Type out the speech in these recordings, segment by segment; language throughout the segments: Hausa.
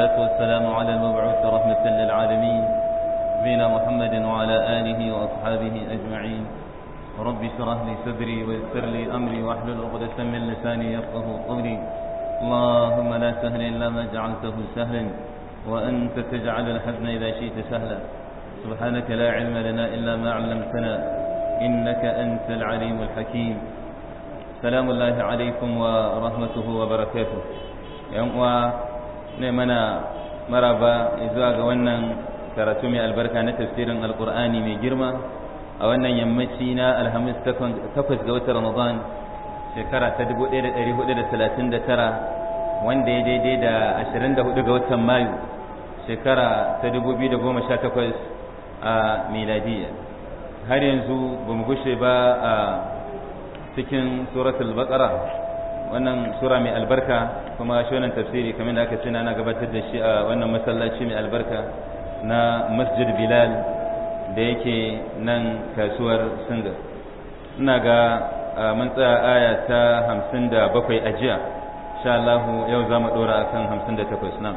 والصلاة والسلام على المبعوث رحمة للعالمين بين محمد وعلى آله وأصحابه أجمعين رب اشرح لي صدري ويسر لي أمري واحلل عقدة من لساني يفقه قولي اللهم لا سهل إلا ما جعلته سهلا وأنت تجعل الحزن إذا شئت سهلا سبحانك لا علم لنا إلا ما علمتنا إنك أنت العليم الحكيم سلام الله عليكم ورحمته وبركاته يوم ne mana maraba zuwa ga wannan karatu mai albarka na tafsirin alkur'ani mai girma a wannan yammaci na alhamis takwas ga watan ramadan shekara ta 1439 wanda ya daidai da 24 ga watan mayu shekara ta 2018 a miladiya har yanzu ba mu gushe ba a cikin suratul baqara wannan sura mai albarka kuma shi wannan tafsiri kamar da aka ce na gabatar da shi a wannan masallaci mai albarka na masjid bilal da yake nan kasuwar singa ina ga mun tsaya aya ta hamsin da bakwai a jiya insha yau za mu ɗora a kan hamsin da takwas nan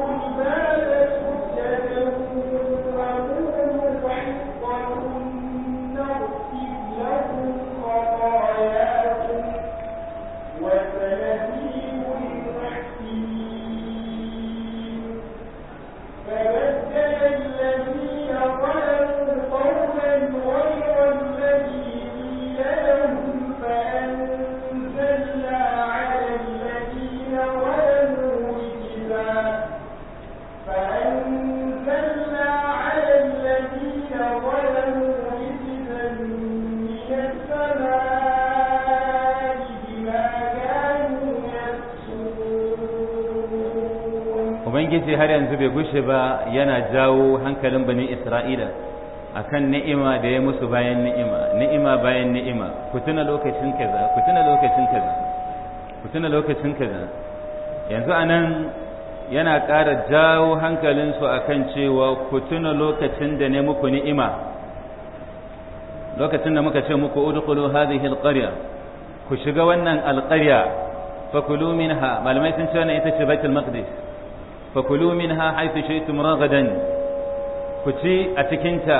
ubangiji har yanzu bai gushe ba yana jawo hankalin bani isra'ila akan ni'ima da ya musu bayan ni'ima ni'ima bayan ni'ima ku tuna lokacin kaza ku tuna lokacin kaza ku tuna lokacin kaza yanzu anan yana ƙara jawo hankalinsu akan cewa ku tuna lokacin da ne muku ni'ima lokacin da muka ce muku udkhulu hadhihi alqarya ku shiga wannan alqarya fakulu minha malamai sun ce wannan ita ce baitul maqdis fakulu ha haythu shaytum ragadan ku ci a cikinta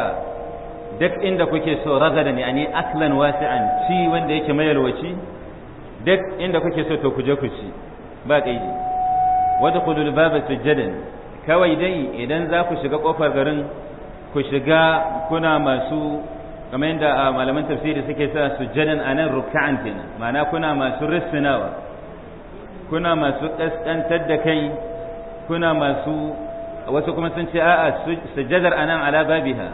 duk inda kuke so ragadan yani aklan wasi'an ci wanda yake mayarwaci duk inda kuke so to ku je ku ci ba kudu wadkhulul baba sujadan kawai dai idan za ku shiga kofar garin ku shiga kuna masu kamar yadda malaman tafsiri suke sa sujjadan anan ruk'an kenan mana kuna masu rissinawa kuna masu kaskantar da kai kuna masu wasu kuma sun ce a'a sujjadar anan ala babiha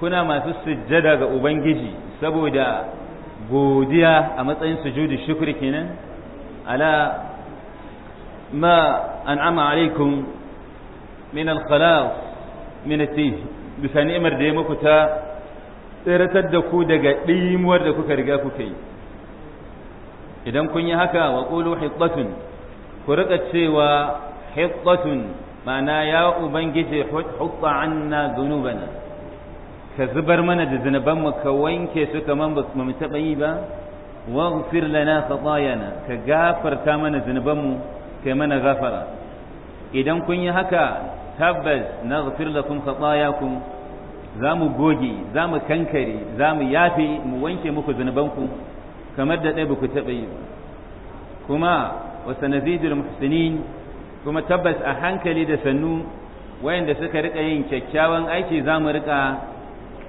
kuna masu sujjada ga ubangiji saboda godiya a matsayin sujudi shukri kenan ala ma an'ama alaikum min al-khalas min at bisa ni'imar da ya muku ta tsiratar da ku daga ɗimuwar da kuka riga kuka yi idan kun yi haka wa qulu hiqatun ku rika cewa hiddatun ma'ana ya ubangiji hutta anna zunubana ka zubar mana da zunuban mu ka wanke su kaman ba mu taba yi ba waghfir lana khatayana ka gafarta mana zunuban mu kai mana gafara idan kun yi haka tabbas naghfir lakum khatayakum za mu goge za mu kankare za mu yafe mu wanke muku ku kamar da ɗaya ba ku taɓa yi kuma wa sanazidul muhsinin kuma tabbas a hankali da sannu wayanda suka rika yin kyakkyawan aiki za mu rika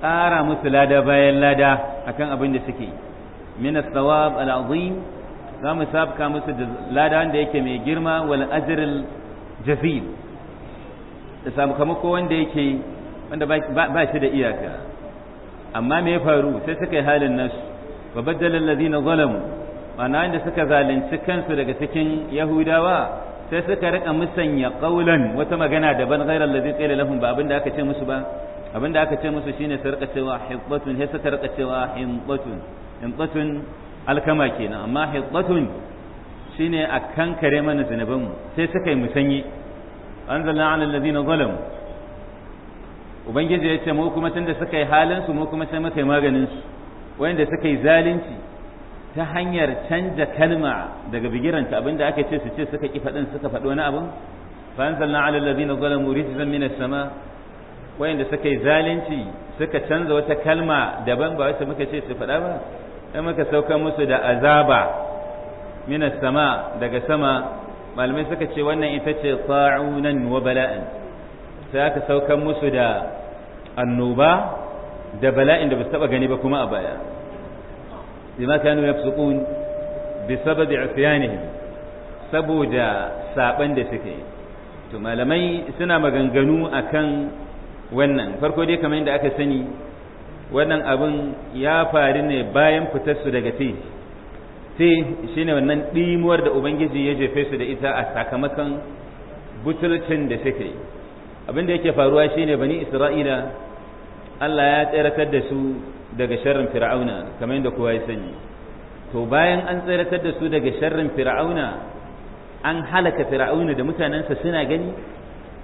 ƙara musu lada bayan lada akan abin da suke min as-sawab al-azim za mu sabka musu da lada wanda yake mai girma wal ajr al-jazil da ko wanda yake wanda ba shi da iyaka amma me ya faru sai suka yi halin nasu wa baddala alladhina zalamu ma'ana inda suka zalunci kansu daga cikin yahudawa sai suka rika musanya qaulan wata magana daban ghairal ladzi qila lahum ba abinda aka ce musu ba abinda aka ce musu shine su rika cewa hibbatun sai suka rika cewa himbatun himbatun alkama kenan amma hibbatun shine a kankare mana zunuban mu sai suka yi musanyi anzalna ala alladhina zalam ubangiji ya ce mu kuma tunda suka yi halin su mu kuma sai muka yi maganin su wanda suka yi zalunci ta hanyar canja kalma daga bigiranta abinda aka ce su ce suka ki faɗin suka faɗi wani abin fa anzalna ala alladhina zalamu rijzan min as-sama wayanda suka yi zalunci suka canza wata kalma daban ba wacce muka ce su faɗa ba dan muka sauka musu da azaba min as-sama daga sama malamai suka ce wannan ita ce fa'unan wa bala'an sai aka sauka musu da annoba da bala'in da ba su taba gani ba kuma a baya bima كانوا يفسقون بسبب عصيانهم سبودا saboda saban da suke to malamai suna maganganu akan wannan farko dai kamar yadda aka sani wannan abin ya faru ne bayan su daga te te shine wannan ɗimuwar da ubangiji ya jefe su da ita a sakamakon butulcin da suke abin da yake faruwa shine bani isra'ila allah ya tseratar da su daga sharrin fir'auna kamar yadda kowa ya sani to bayan an tsiratar da su daga sharrin fir'auna an halaka fir'auna da mutanensa suna gani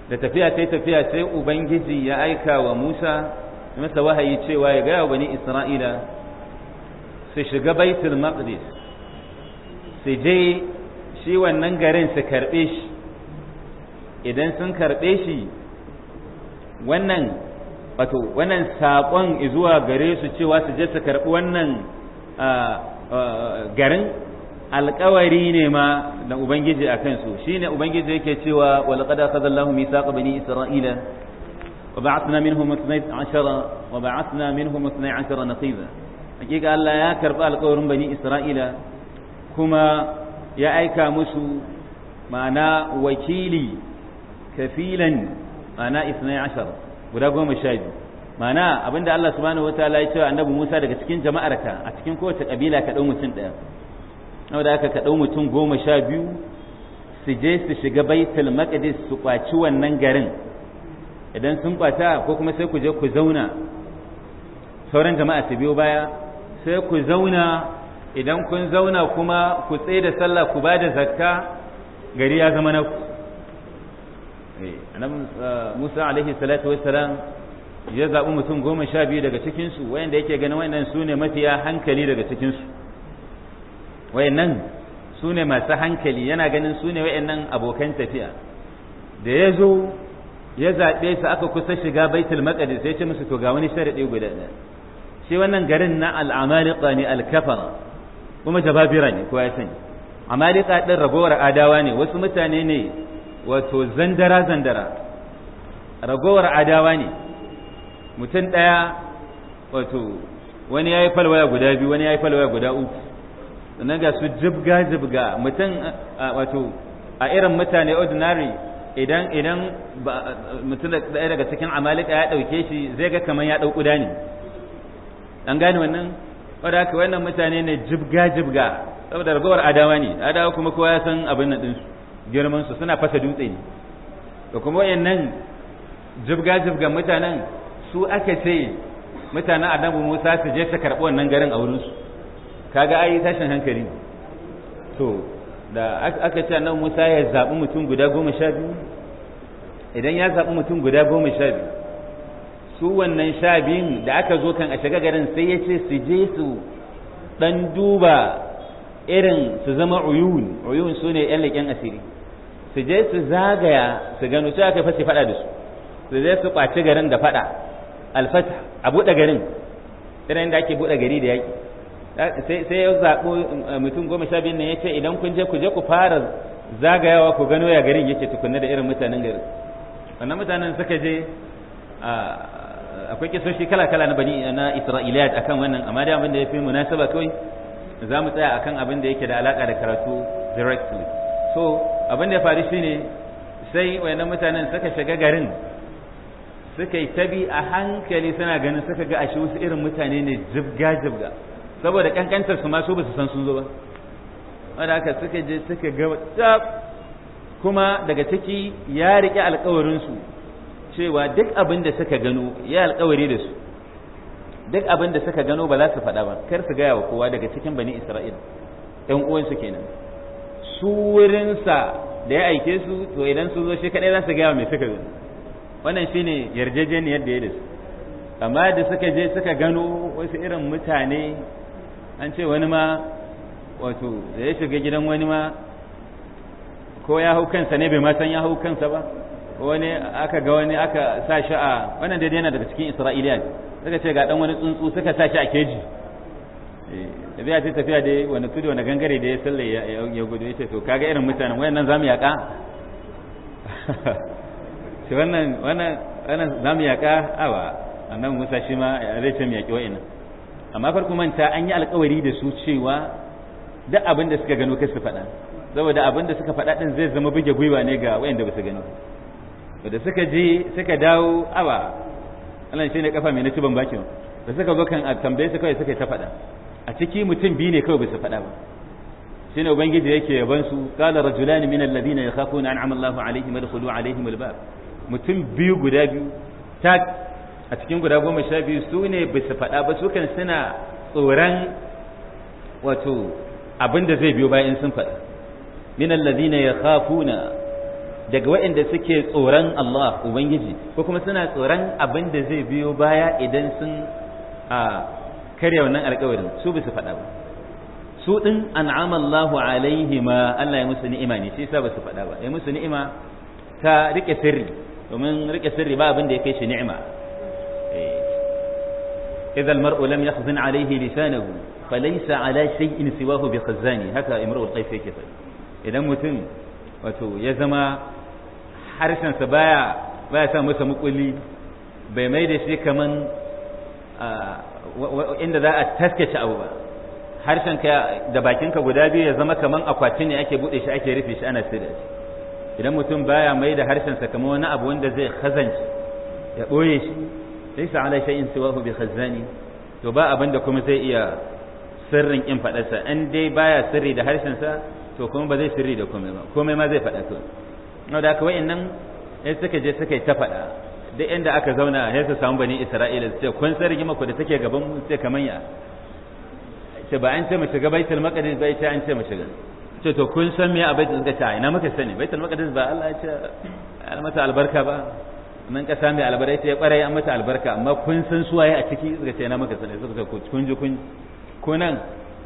da tafiya kai tafiya sai ubangiji ya aika wa musa masa wahayi cewa ya gaya wa bani isra'ila su shiga baitul maqdis su je shi wannan garin su karɓe shi idan sun karɓe shi wannan wato wannan saƙon zuwa gare su cewa su je su karɓi wannan garin alƙawari ne ma da ubangiji a kansu shi ne ubangiji yake cewa walaqad akhadha misa mithaqa bani isra'ila wa ba ba'athna minhum 12 wa ba'athna minhum na tsiza hakika Allah ya karɓi alƙawarin bani isra'ila kuma ya aika musu ma'ana wakili kafilan ma'ana 12 guda goma sha biyu ma'ana abinda Allah subhanahu wataala ya cewa annabi Musa daga cikin jama'ar ka a cikin kowace kabila ka dau mutum daya saboda aka ka dau mutum goma sha biyu su je su shiga baitul maqdis su kwaci wannan garin idan sun kwata ko kuma sai ku je ku zauna sauran jama'a su biyo baya sai ku zauna idan kun zauna kuma ku tsaye da sallah ku ba da zakka gari ya zama na ku Eh, eh, Musa alaihi salatu wassalam ya zaɓi mutum goma sha biyu daga cikinsu wayanda yake ganin wayannan su ne mafiya hankali daga cikinsu wayannan su ne masu hankali yana ganin su ne wayannan abokan tafiya da ya zo ya zaɓe su aka kusa shiga baitul maqdis sai ce musu to ga wani sharadi guda ɗaya shi wannan garin na al ne al-kafara kuma jababira ne ko ya sani amaliqa din ragowar adawa ne wasu mutane ne wato zandara zandara ragowar adawa ne mutum ɗaya wato wani ya yi falwaya guda biyu wani ya yi falwaya guda uku sannan ga su jibga jibga mutum wato a irin mutane ordinary idan idan mutum ɗaya daga cikin amalika ya ɗauke shi zai ga kamar ya ɗauku ne an gane wannan wadda haka wannan mutane ne jibga jibga saboda ragowar adawa ne adawa kuma kowa ya san abin nan ɗinsu girman su suna fasa dutse ne da kuma wayannan jibga jibgan mutanen su aka ce mutanen annabi Musa su je su karɓi wannan garin a wurin su kaga ai tashin hankali to da aka ce annabi Musa ya zaɓi mutum guda goma sha biyu idan ya zaɓi mutum guda goma sha biyu su wannan sha biyun da aka zo kan a shiga garin sai ya ce su je su ɗan duba irin su zama uyun uyun su ne 'yan leƙen asiri su je su zagaya su gano cewa kai fasi fada da su su je su kwaci garin da fada alfata a buɗe garin irin da ake buɗe gari da yaƙi sai ya zaɓo eh, mutum goma sha biyu ne ya ce idan kun je ku je ku fara zagayawa ku gano ya garin yake tukunna da irin mutanen garin wannan mutanen suka je akwai kisoshi kala-kala na bani na isra'iliyat akan wannan amma dai abin da ya fi munasaba kawai za mu tsaya akan abin da yake da alaka da karatu directly to abin da faru shine sai wayannan mutanen suka shiga garin suka yi tabi a hankali suna ganin suka ga ashe wasu irin mutane ne jibga jibga saboda kankantar su ma su basu san sun zo ba wanda haka suka je suka ga tab kuma daga ciki ya rike alƙawarin su cewa duk abin da suka gano ya alƙawari da su duk abin da suka gano ba za su faɗa ba kar su gaya wa kowa daga cikin bani isra'ila ɗan uwansu kenan su wurinsa da ya aike su to idan su zo shi kadai za su gaya mai suka zo wannan shine yarjejeniyar da ya da su amma da suka je suka gano wasu irin mutane an ce wani ma wato da ya shiga gidan wani ma ko ya hau kansa ne bai ma san ya hau kansa ba wani aka ga wani aka sa shi a wannan daidai yana daga cikin isra'iliya suka ce ga dan wani tsuntsu suka sa shi a keji eh, tafiya ce tafiya da wani tudu wani gangare da ya salle ya gudu yace to kaga irin mutanen nan zamu yaka shi wannan wannan wannan zamu yaka awa annan Musa shi ma zai ce mu yaki wayannan amma farko manta an yi alkawari da su cewa duk abin da suka gano kai su faɗa saboda abin da suka faɗa din zai zama buge gwiwa ne ga wayanda ba su gano da suka je suka dawo awa Allah shi ne kafa mai na ci ban bakin da suka zo kan tambaye su kawai suka yi ta faɗa a ciki mutum biyu ne kawai bisa faɗa ba ne ubangiji yake yaban su qala rajulan min alladhina yakhafuna an'ama Allahu alaihim adkhulu alaihim mulba mutum biyu guda biyu ta a cikin guda goma sha biyu su ne bisa faɗa ba su kan suna tsoron wato abin da zai biyo bayan sun faɗa ya kafo na daga waɗanda suke tsoron Allah ubangiji ko kuma suna tsoron abin da zai biyo baya idan sun karya wannan alkawarin su bisa faɗa ba su din an'ama Allahu alaihima Allah ya musu ni'ima ne shi sa ba su faɗa ba ya musu ni'ima ta rike sirri domin rike sirri ba abin da ya kai shi ni'ima eh. idza al-mar'u lam yakhzin alayhi lisanahu falaysa ala shay'in siwahu bi khazani haka imru al-qayf yake faɗi idan mutum wato ya zama harshen sa baya baya sa masa mukulli bai mai da shi kaman ah, inda za a taskace abu ba harshenka da bakinka guda biyu ya zama kaman akwati ne ake bude shi ake rufe shi ana sirri idan mutum baya mai da harshen sa kaman wani abu wanda zai khazanci ya boye shi laysa ala shay'in siwahu bi khazani to ba abin da kuma zai iya sirrin in faɗarsa in dai baya sirri da harshen sa to kuma ba zai sirri da komai ba komai ma zai faɗa to da haka wayannan sai suka je suka yi ta faɗa duk inda aka zauna sai su samu bani isra'ila su ce kun san rigima ku da take gaban mu sai kaman ya ce ba an ce mu shiga baitul maqdis ba ita an ce mu shiga ce to kun san me a baitul maqdis ta ina muka sani baitul maqdis ba Allah ya ce an mata albarka ba mun kasa mai albarka ya kwarai an mata albarka amma kun san su waye a ciki suka ce ina muka sani suka ce kun ji kun ko nan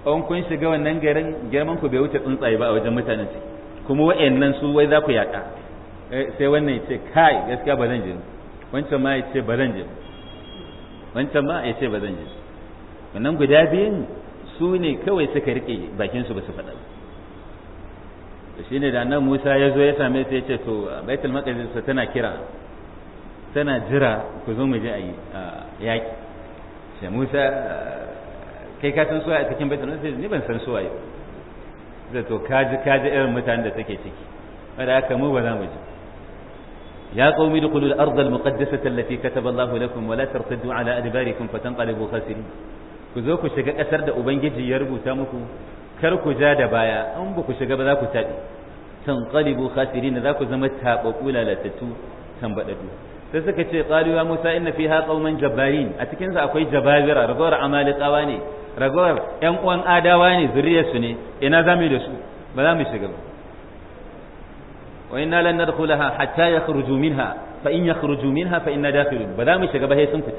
an kun shiga wannan garin girman ku bai wuce tsuntsaye ba a wajen mutanen ciki kuma wa'annan su wai za ku yaka eh, sai wannan ya ce kai gaskiya ba zan ji wancan ma ya ce ba zan je wancan ma ya ce ba zan je wannan guda biyun su ne kawai suka rike bakin su ba su faɗa shi ne da nan Musa ya zo ya same su ya ce to Baitul Maqdis tana kira tana jira ku zo mu je a yaƙi sai Musa kai ka san su a cikin Baitul Maqdis ni ban san ba da to kaji kaji irin mutanen da take ciki wanda aka mu ba za mu je يا قوم ادخلوا الأرض المقدسة التي كتب الله لكم ولا ترتدوا على أدباركم فتنقلبوا خاسرين كذوك شجع أسر ده أبنجي يربو تامكو كركو جاد بايا أمبكو شجع بذاكو تادي تنقلبوا خاسرين ذاكو زمتها وقولا لا تتو تنبددوا فسكت قالوا يا موسى إن فيها قوما جبارين أتكنز أكوي جبابرة رغور عمالقة واني ragowar ‘yan uwan adawa ne zuriyarsu ne ina za mu yi da su ba za mu shiga ba wa inna lan nadkhulaha hatta yakhruju minha fa in yakhruju minha fa inna dakhilun ba za mu shiga ba sai sun fita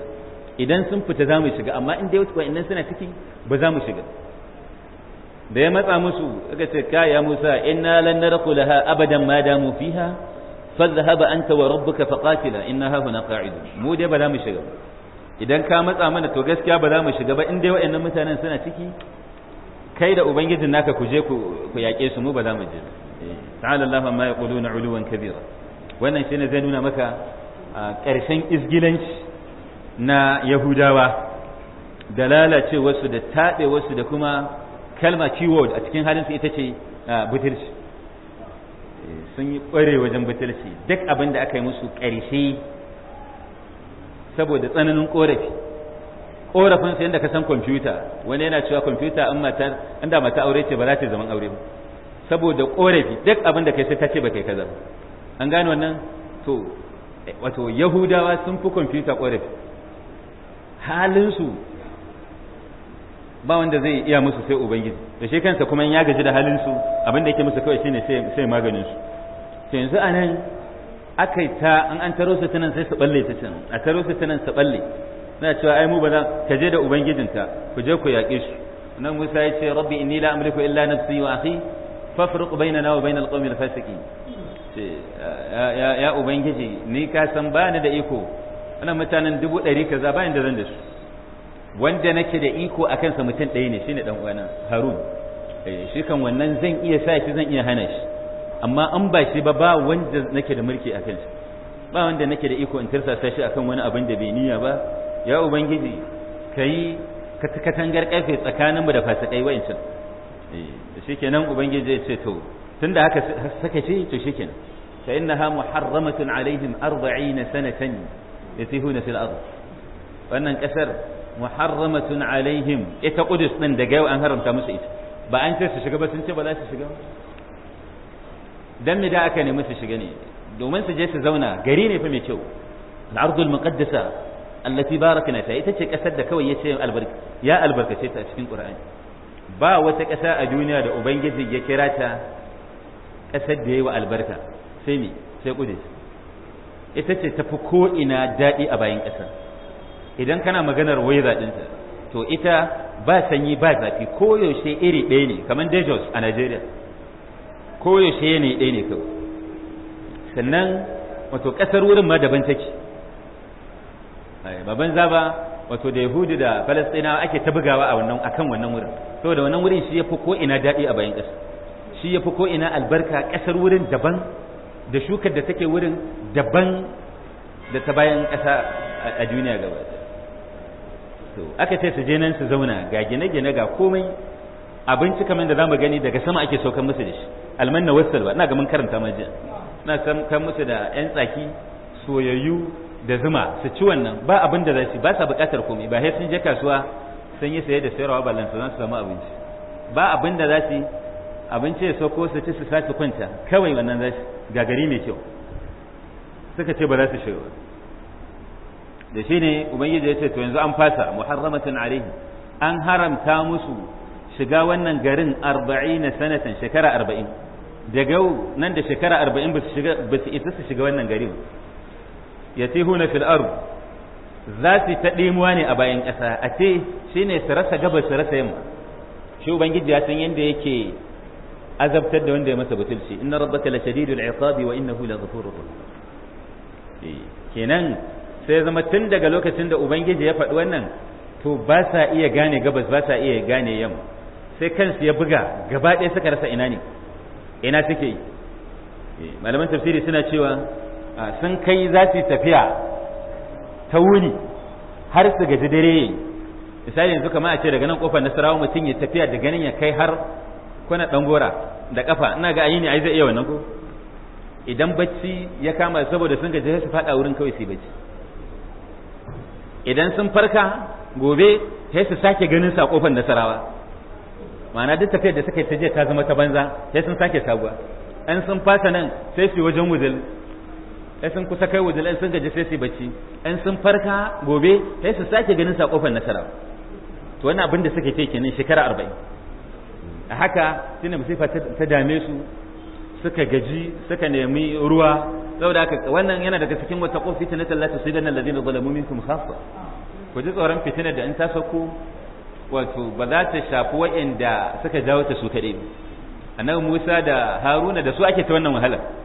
idan sun fita za mu shiga amma in dai wasu wa'annan suna ciki ba za mu shiga da ya matsa musu suka ce ya Musa inna lan nadkhulaha abadan ma damu fiha fadhhab anta wa rabbuka faqatila inna hahuna qa'idun mu dai ba za mu shiga idan ka matsa mana to gaskiya ba za mu shiga ba in dai mutanen suna ciki kai da ubangijin naka ku je ku mu ba za mu je ta'ala Allah amma yaquluna uluwan kabira wannan shine zai nuna maka ƙarshen izgilanci na yahudawa da wasu da wasu da kuma kalma keyword a cikin su ita ce butulci eh, sun yi kware wajen butulci duk abin da aka yi musu ƙarshe saboda tsananin korafi ƙorafin sai yadda ka san kwamfuta wani yana cewa kwamfuta in mata aure ce ba za ta zaman aure ba saboda korafi duk abin da kai sai ta ce ba kai kaza ba an gane wannan to eh, wato yahudawa sun fi kwamfuta korafi halinsu ba wanda zai iya musu sai ubangiji da shi kansa kuma ya gaji da halinsu abin da yake musu kawai shine sai maganin su to yanzu a nan aka ta an an taro su tunan sai su balle ta can a taro su tunan su balle suna cewa ai mu ba za ka je da ubangijinka ku je ku yaƙe shi nan Musa ya ce rabbi inni la amliku illa nafsi wa akhi fafruq bainana wa bainal qawmil fasiqin ce ya ya ubangiji ni ka san bani da iko ana mutanen dubu ɗari kaza bayan da zan da su wanda nake da iko a kansa mutum ɗaya ne shine dan uwana harun eh, shi kan wannan zan iya sa shi zan iya hana shi amma an ba shi ba ba wanda nake da mulki a kansa ba wanda nake da iko in tirsasa shi akan wani abin da bai niyya ba ya ubangiji kai katangar karfe tsakaninmu da fasikai wa'ancan eh. to shikenan ubangiji zai ce to tunda haka saka ce to shikenan fa innaha muharramatun alaihim 40 sanatan yatihuna fil ard wannan kasar muharramatun alaihim ita kudus din da yau an haramta musu ita ba an ce su shiga ba sun ce ba za su shiga dan me da aka nemi su shiga ne domin su je su zauna gari ne fa mai kyau al-ardul muqaddasa allati barakna ta ita ce kasar da kawai yace albarka ya albarkace ta cikin qur'ani ba wata ƙasa a duniya da ubangiji ya kira ta ƙasar da ya wa albarka sai me sai kudus ita ce tafi ko'ina daɗi a bayan ƙasa idan kana maganar wai zaɗinta to ita ba sanyi ba zafi koyaushe iri ɗaya ne kamar Dejos a Najeriya koyaushe ne ɗaya ne kawai sannan wato ƙasar wurin ma daban take baban zaba wato da yahudu da falastinawa ake ta bugawa a wannan akan wannan wurin saboda wannan wurin shi yafi ko ina daɗi a bayan ƙasa shi yafi ko ina albarka ƙasar wurin daban da shukar da take wurin daban da ta bayan ƙasa a duniya gaba to aka ce su je nan su zauna ga gine-gine ga komai abinci kamar da zamu gani daga sama ake saukan musu da shi almanna wasal ba ina ga mun karanta ma jiya ina kan musu da yan tsaki soyayyu da zuma su ci wannan ba abin da za su ba sa buƙatar komai ba sai sun je kasuwa sun yi saye da sayarwa balanta za su samu abinci ba abin da za su yi abinci ya sauko su ci su sace kwanta kawai wannan za su gagari mai kyau suka ce ba za su shiga da shi ne ubangiji ya ce to yanzu an fasa muharramatun alaihi an haramta musu shiga wannan garin na sanatan shekara arba'in daga nan da shekara arba'in ba su isa su shiga wannan garin yatihuna fil ardh za su ta ɗimuwa ne a bayan ƙasa a ce shi ne su rasa gabas su rasa yamma shi ubangiji ya san yadda yake azabtar da wanda ya masa butulci inna rabbaka la shadidul iqabi wa innahu la ghafurur rahim eh, kenan sai zama tun daga lokacin da ubangiji ya faɗi wannan to ba sa iya gane gabas ba sa iya gane yamma sai kansu ya buga gaba ɗaya suka rasa ina ne ina suke yi eh, malaman tafsiri suna cewa sun kai za su tafiya ta wuni har su gaji dare yayi misali yanzu kamar a ce daga nan kofar nasarawa mutum ya tafiya da ganin ya kai har kwana gora da kafa ina ga ayi ne ai zai iya wannan ko idan bacci ya kama saboda sun gaji su fada wurin kawai su bacci idan sun farka gobe sai su sake ganin sa kofar nasarawa ma'ana duk tafiyar da suka yi ta jiya ta zama ta banza sai sun sake sabuwa an sun fasa nan sai su yi wajen wuzil sai sun kusa kai wujul sun gaji sai su bacci ɗan sun farka gobe sai su sake ganin sa kofar nasara to wannan abin da suke take kenan shekara 40 a haka tunda musifa ta dame su suka gaji suka nemi ruwa saboda haka wannan yana daga cikin wata kofi ta nata lati sai ganin ladina zalamu minkum khafa ku ji tsoron fitina da in ta sako wato ba za ta shafi wa'inda suka jawo ta su kaɗai annabi Musa da Haruna da su ake ta wannan wahalar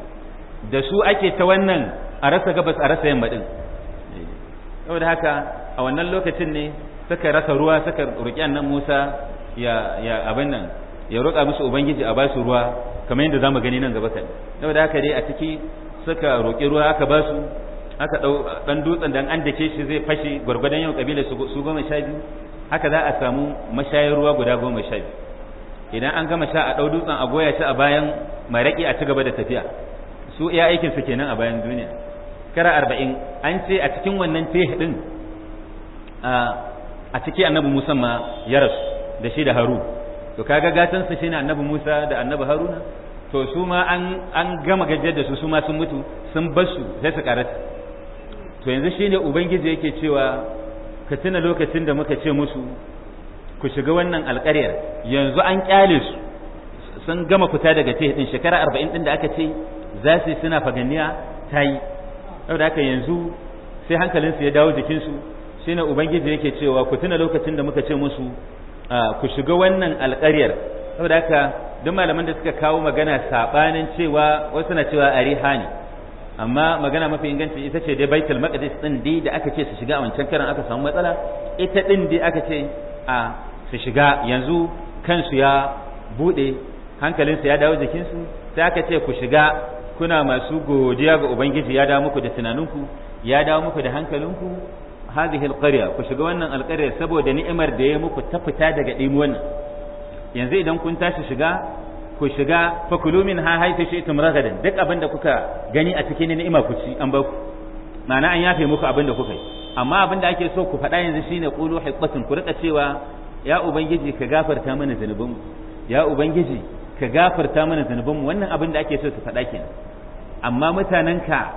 da su ake ta wannan a rasa gabas a rasa yamma din saboda haka a wannan lokacin ne suka rasa ruwa suka roki annan Musa ya ya abin nan ya roƙa musu ubangiji a ba su ruwa kamar yadda zamu gani nan gaba kan saboda haka dai a ciki suka roki ruwa aka ba su aka dau dan dutsen dan an dake shi zai fashe gwargwadon yau kabila su goma sha biyu haka za a samu mashayar ruwa guda goma sha biyu idan an gama sha a dau dutsen a goya shi a bayan maraƙi a ci gaba da tafiya su iya aikin su kenan a bayan duniya shekara arba'in an ce a cikin wannan teh din a ciki annabi musa ma ya rasu da shi da haru to kaga gatan su shine annabi musa da annabi haruna to su ma an an gama gajiyar da su su ma sun mutu sun bar su sai su karata to yanzu shine ubangiji yake cewa ka tuna lokacin da muka ce musu ku shiga wannan alƙaryar yanzu an kyale su sun gama fita daga teh din shekara arba'in din da aka ce za su suna faganiya ta yi saboda haka yanzu sai hankalinsu ya dawo jikinsu na ubangiji yake cewa ku tuna lokacin da muka ce musu ah, ku shiga wannan alƙaryar saboda haka duk malaman da suka kawo magana saɓanin cewa wasu na cewa ariha ne amma magana mafi inganci ita ce dai baitul maqdis din dai da aka ce su shiga a wancan karan aka samu matsala ita ɗin dai aka ce a ah, su shiga yanzu kansu ya buɗe hankalinsu ya dawo jikinsu sai aka ce ku shiga kuna masu godiya ga ubangiji ya dawo muku da tunaninku ya dawo muku da hankalinku hadhihi alqarya ku shiga wannan alqarya saboda ni'imar da ya muku ta fita daga dimi wannan yanzu idan kun tashi shiga ku shiga fakulu min ha shi tum ragadan duk abin kuka gani a cikin ni'ima ku ci an baku ma'ana an yafe muku abin da kuka yi amma abinda ake so ku faɗa yanzu shine qulu hiqatun ku rika cewa ya ubangiji ka gafarta mana zanubin ya ubangiji ka gafarta mana zanubanmu wannan abin da ake so su faɗa kenan amma mutanenka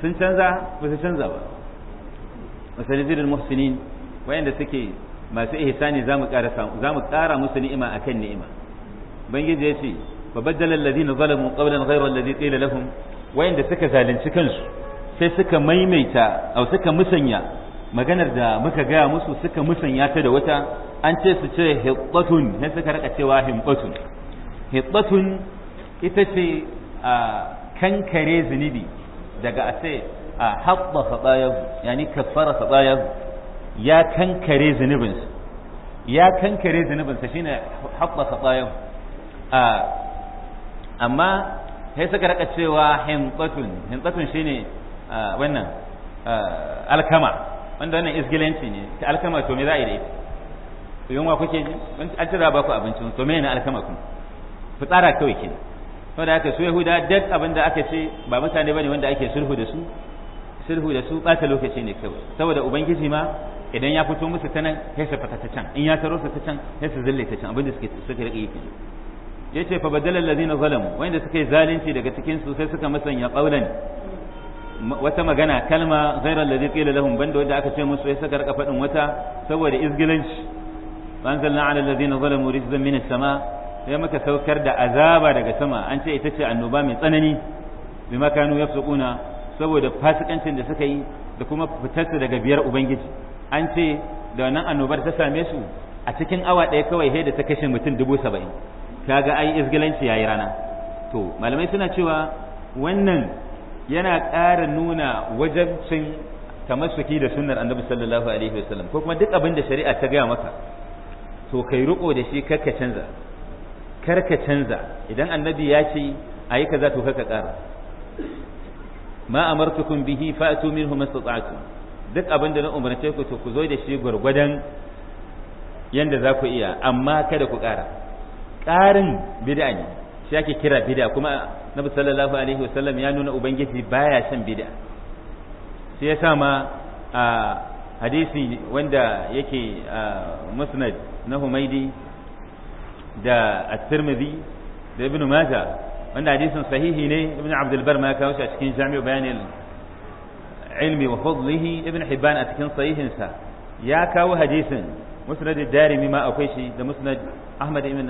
sun canza ba su canza ba zirin muhsinin wayanda suke masu ihsani za mu ƙara musu ni'ima akan ni'ima bangiji ya ce fa baddala alladhina zalamu qawlan ghayra alladhi qila lahum wayanda suka zalunci kansu sai suka maimaita au suka musanya maganar da muka gaya musu suka musanya ta da wata an ce su ce hibbatun sai suka raka cewa hibbatun hibbatun ita ce a kankare zunubi daga a ce a haɓɓa faɗayahu yani kafara faɗayahu ya kankare zunubinsa ya kankare zunubinsa shine haɓɓa faɗayahu amma sai suka raka cewa hibbatun hibbatun shine wannan alkama wanda wannan isgilanci ne alkama to me za a yi da ita to yunwa kuke ji an ci ba ku abinci to me ne alkama kun fitsara kawai kenan saboda haka su yahuda duk abin da aka ce ba mutane bane wanda ake sulhu da su sulhu da su ɓata lokaci ne kawai saboda ubangiji ma idan ya fito musu ta nan sai su fata ta can in ya taro su ta can sai su zalle ta can abinda suke suka rike ya yace fa badala allazina zalamu wanda suka yi zalunci daga cikin su sai suka musanya qaulan wata magana kalma ghayra allazi qila lahum banda wanda aka ce musu sai suka rika fadin wata saboda izgilanci وأنزلنا على الذين ظلموا رجزا من السماء sai muka saukar da azaba daga sama an ce ita ce annoba mai tsanani bi makanu yafsukuna saboda fasikancin da suka yi da kuma fitarsa daga biyar ubangiji an ce da wannan annobar ta same su a cikin awa ɗaya kawai sai da ta kashe mutum dubu saba'in kaga ai izgilanci yayi rana to malamai suna cewa wannan yana ƙara nuna wajen cin tamassuki da sunnar annabi sallallahu alaihi wasallam ko kuma duk abin da shari'a ta gaya maka to kai riko da shi karka canza karka canza idan annabi ya ce ayi kaza to karka ƙara ma amartukum bihi fa'tu minhu mastata'tum duk abin da na umarce ku to ku zo da shi gurgudan yanda za ku iya amma kada ku ƙara ƙarin bid'a ne shi yake kira bid'a kuma nabi sallallahu alaihi wasallam ya nuna ubangiji baya shan bid'a sai ya sa ma a hadisi wanda yake musnad na humaidi da at-tirmidhi da ibn majah wanda hadisin sahihi ne ibn abd al-bar ma kawo shi a cikin jami'u bayan ilmi wa fadlihi ibn hibban a cikin sahihin sa ya kawo hadisin musnad darimi ma akwai shi da musnad ahmad ibn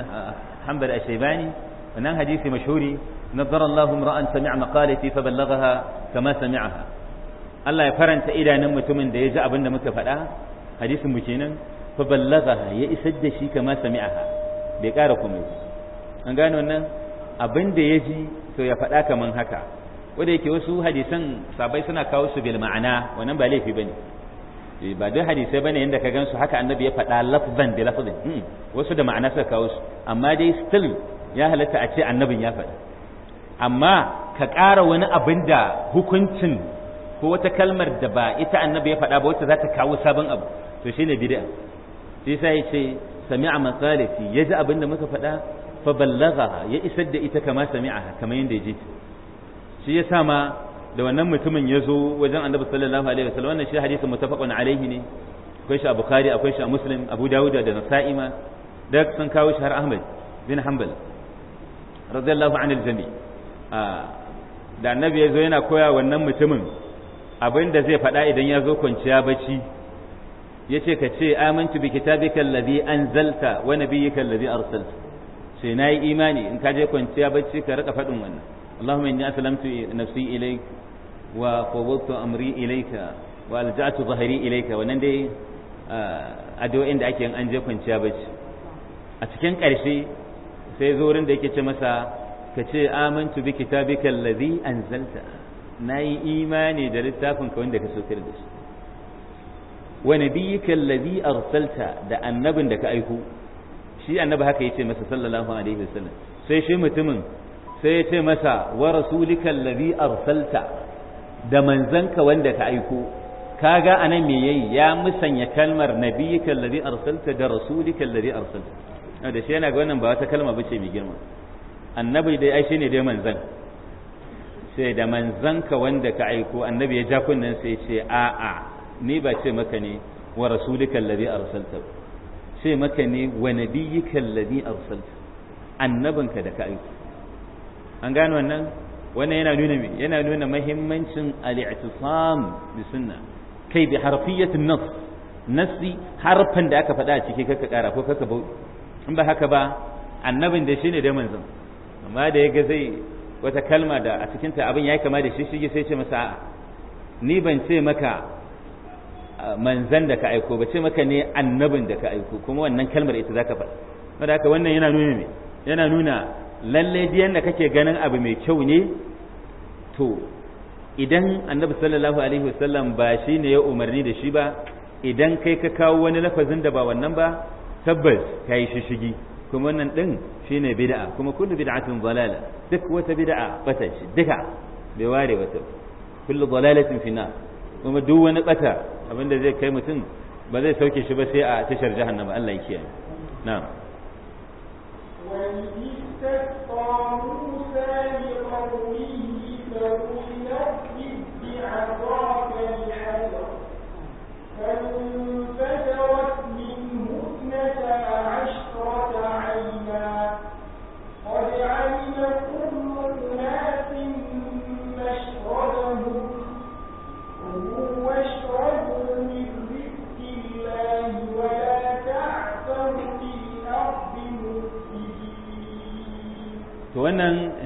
hanbal ash-shaybani wannan hadisi mashhuri nadara Allahu ra'an sami'a maqalati fa ballaghaha kama sami'aha Allah ya faranta idanun mutumin da ya ji abin da muka faɗa hadisin mu kenan fa ballagha ya isar da shi kama sami'aha bai ƙara komai an gane wannan abin da ya ji to ya faɗa kaman haka wanda yake wasu hadisan sabai suna kawo su bil ma'ana wannan ba laifi bane eh, ba dai hadisai bane yanda ka gansu haka annabi ya faɗa lafzan bi lafzan hmm, wasu da ma'ana suka kawo su amma dai still ya halatta a ce annabin ya faɗa amma ka ƙara wani abin da hukuncin ko wata kalmar da ba ita annabi ya faɗa ba wacce za ta kawo sabon abu to shine bid'a shi yasa ya ce sami'a masalati ya ji abin da muka faɗa fa ballagha ya isar da ita kama sami'a kamar yadda ya ji shi sa ma da wannan mutumin ya zo wajen annabi sallallahu alaihi wasallam wannan shi hadisin muttafaqun alaihi ne akwai shi a bukhari akwai shi a muslim abu dawuda da nasa'i ma da sun kawo shi har ahmad bin hanbal radiyallahu anil jami'a ah, da annabi ya zo yana koya wannan mutumin abin da zai faɗa idan ya zo kwanciya bacci ya ce ka ce amintu bi kitabika alladhi anzalta wa nabiyyika alladhi arsalta ce nayi imani in ka je kwanciya bacci ka rika faɗin wannan Allahumma inni aslamtu nafsi ilayk wa fawwadtu amri ilayka wa alja'tu dhahri ilayka wannan dai a addu'o'in da ake yin an je kwanciya bacci a cikin ƙarshe sai zo wurin da yake ce masa ka ce amintu bi kitabika alladhi anzalta na yi imani da littafin ka wanda ka saukar da shi wa nabiyyika allazi arsalta da annabin da ka aiko shi annabi haka yace masa sallallahu alaihi wasallam sai shi mutumin sai yace masa wa rasulika allazi arsalta da manzanka wanda ka aiko kaga anan me yayi ya musanya kalmar nabiyyika allazi arsalta da rasulika allazi arsalta da shi yana ga wannan ba wata kalma bace mai girma annabi dai ai shine dai manzan sai da manzanka wanda ka aiko annabi ya ja kunnen sai ce a'a ni ba ce maka ne wa rasulika allazi arsalta ce maka ne wa nabiyyika allazi arsalta ka da ka aiko an gano wannan wannan yana nuna me yana nuna muhimmancin al-i'tisam bi sunna kai bi harfiyatin nas nasi harfan da aka faɗa a ciki kaka kara ko kaka bau in ba haka ba annabin da shine da manzon amma da yaga zai wata kalma da a cikinta abin ya yi kama da shi shige sai ce masa a ni ban ce maka manzan da ka aiko ba ce maka ne annabin da ka aiko kuma wannan kalmar ita zaka faɗa saboda haka wannan yana nuna ne yana nuna lalle biyan da kake ganin abu mai kyau ne to idan annabi sallallahu alaihi wasallam ba shi ne ya umarni da shi ba idan kai ka kawo wani lafazin da ba wannan ba tabbas ka yi shishigi kuma wannan din shine bid'a kuma kullu bid'atin dalala duk wata bid'a bata shi duka bai ware wata kullu dalalatin fi nar kuma duk wani bata abinda zai kai mutum ba zai sauke shi ba sai a tashar jahannama Allah ya kiyaye na'am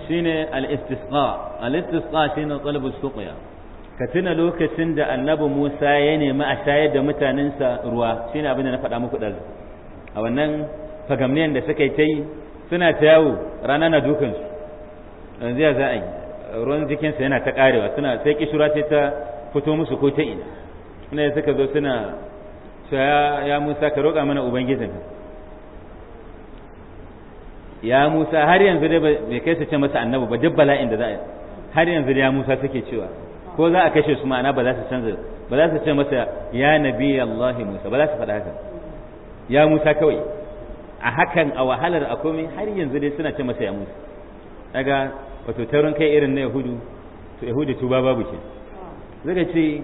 shine al-istisqa al-istisqa shine talabus suqya ka tuna lokacin da annabi Musa ya nemi a shayar da mutanensa ruwa shine abin da na faɗa muku ɗazu a wannan fagamniyan da suka yi ta yi suna ta yawo rana na dukansu yanzu ya za a yi ruwan jikinsa yana ta ƙarewa suna sai kishura ce ta fito musu ko ta ina suna suka zo suna ya Musa ka roƙa mana ubangijinka ya Musa har yanzu dai bai kai su ce masa annabi ba duk bala'in da za a har yanzu ya Musa suke cewa ko za a kashe su ma'ana ba za su canza ba za su ce masa ya nabi Allah Musa ba za su faɗa haka ya Musa kawai a hakan a wahalar a komai har yanzu dai suna ce masa ya Musa daga wato tauran kai irin na Yahudu to Yahudu tuba babu ke zaka ce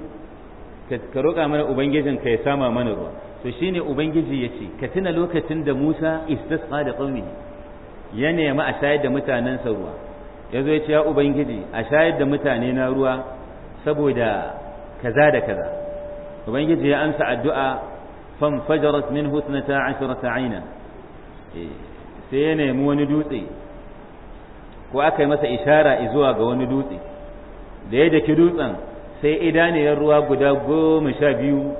ka roƙa mana ubangijin ka ya sama mana ruwa to shine ubangiji yace ka tuna lokacin da Musa istasqa da qaumihi ya nemi a shayar da mutanensa ruwa ya zo ya ce ya ubangiji a shayar da mutane na ruwa saboda kaza da kaza ubangiji ya amsa addu'a fan fajarat min husnata asharata eh, sai ya nemi wani dutse ko aka yi masa ishara zuwa ga wani dutse da ya daki dutsen sai idaniyar ruwa guda goma sha biyu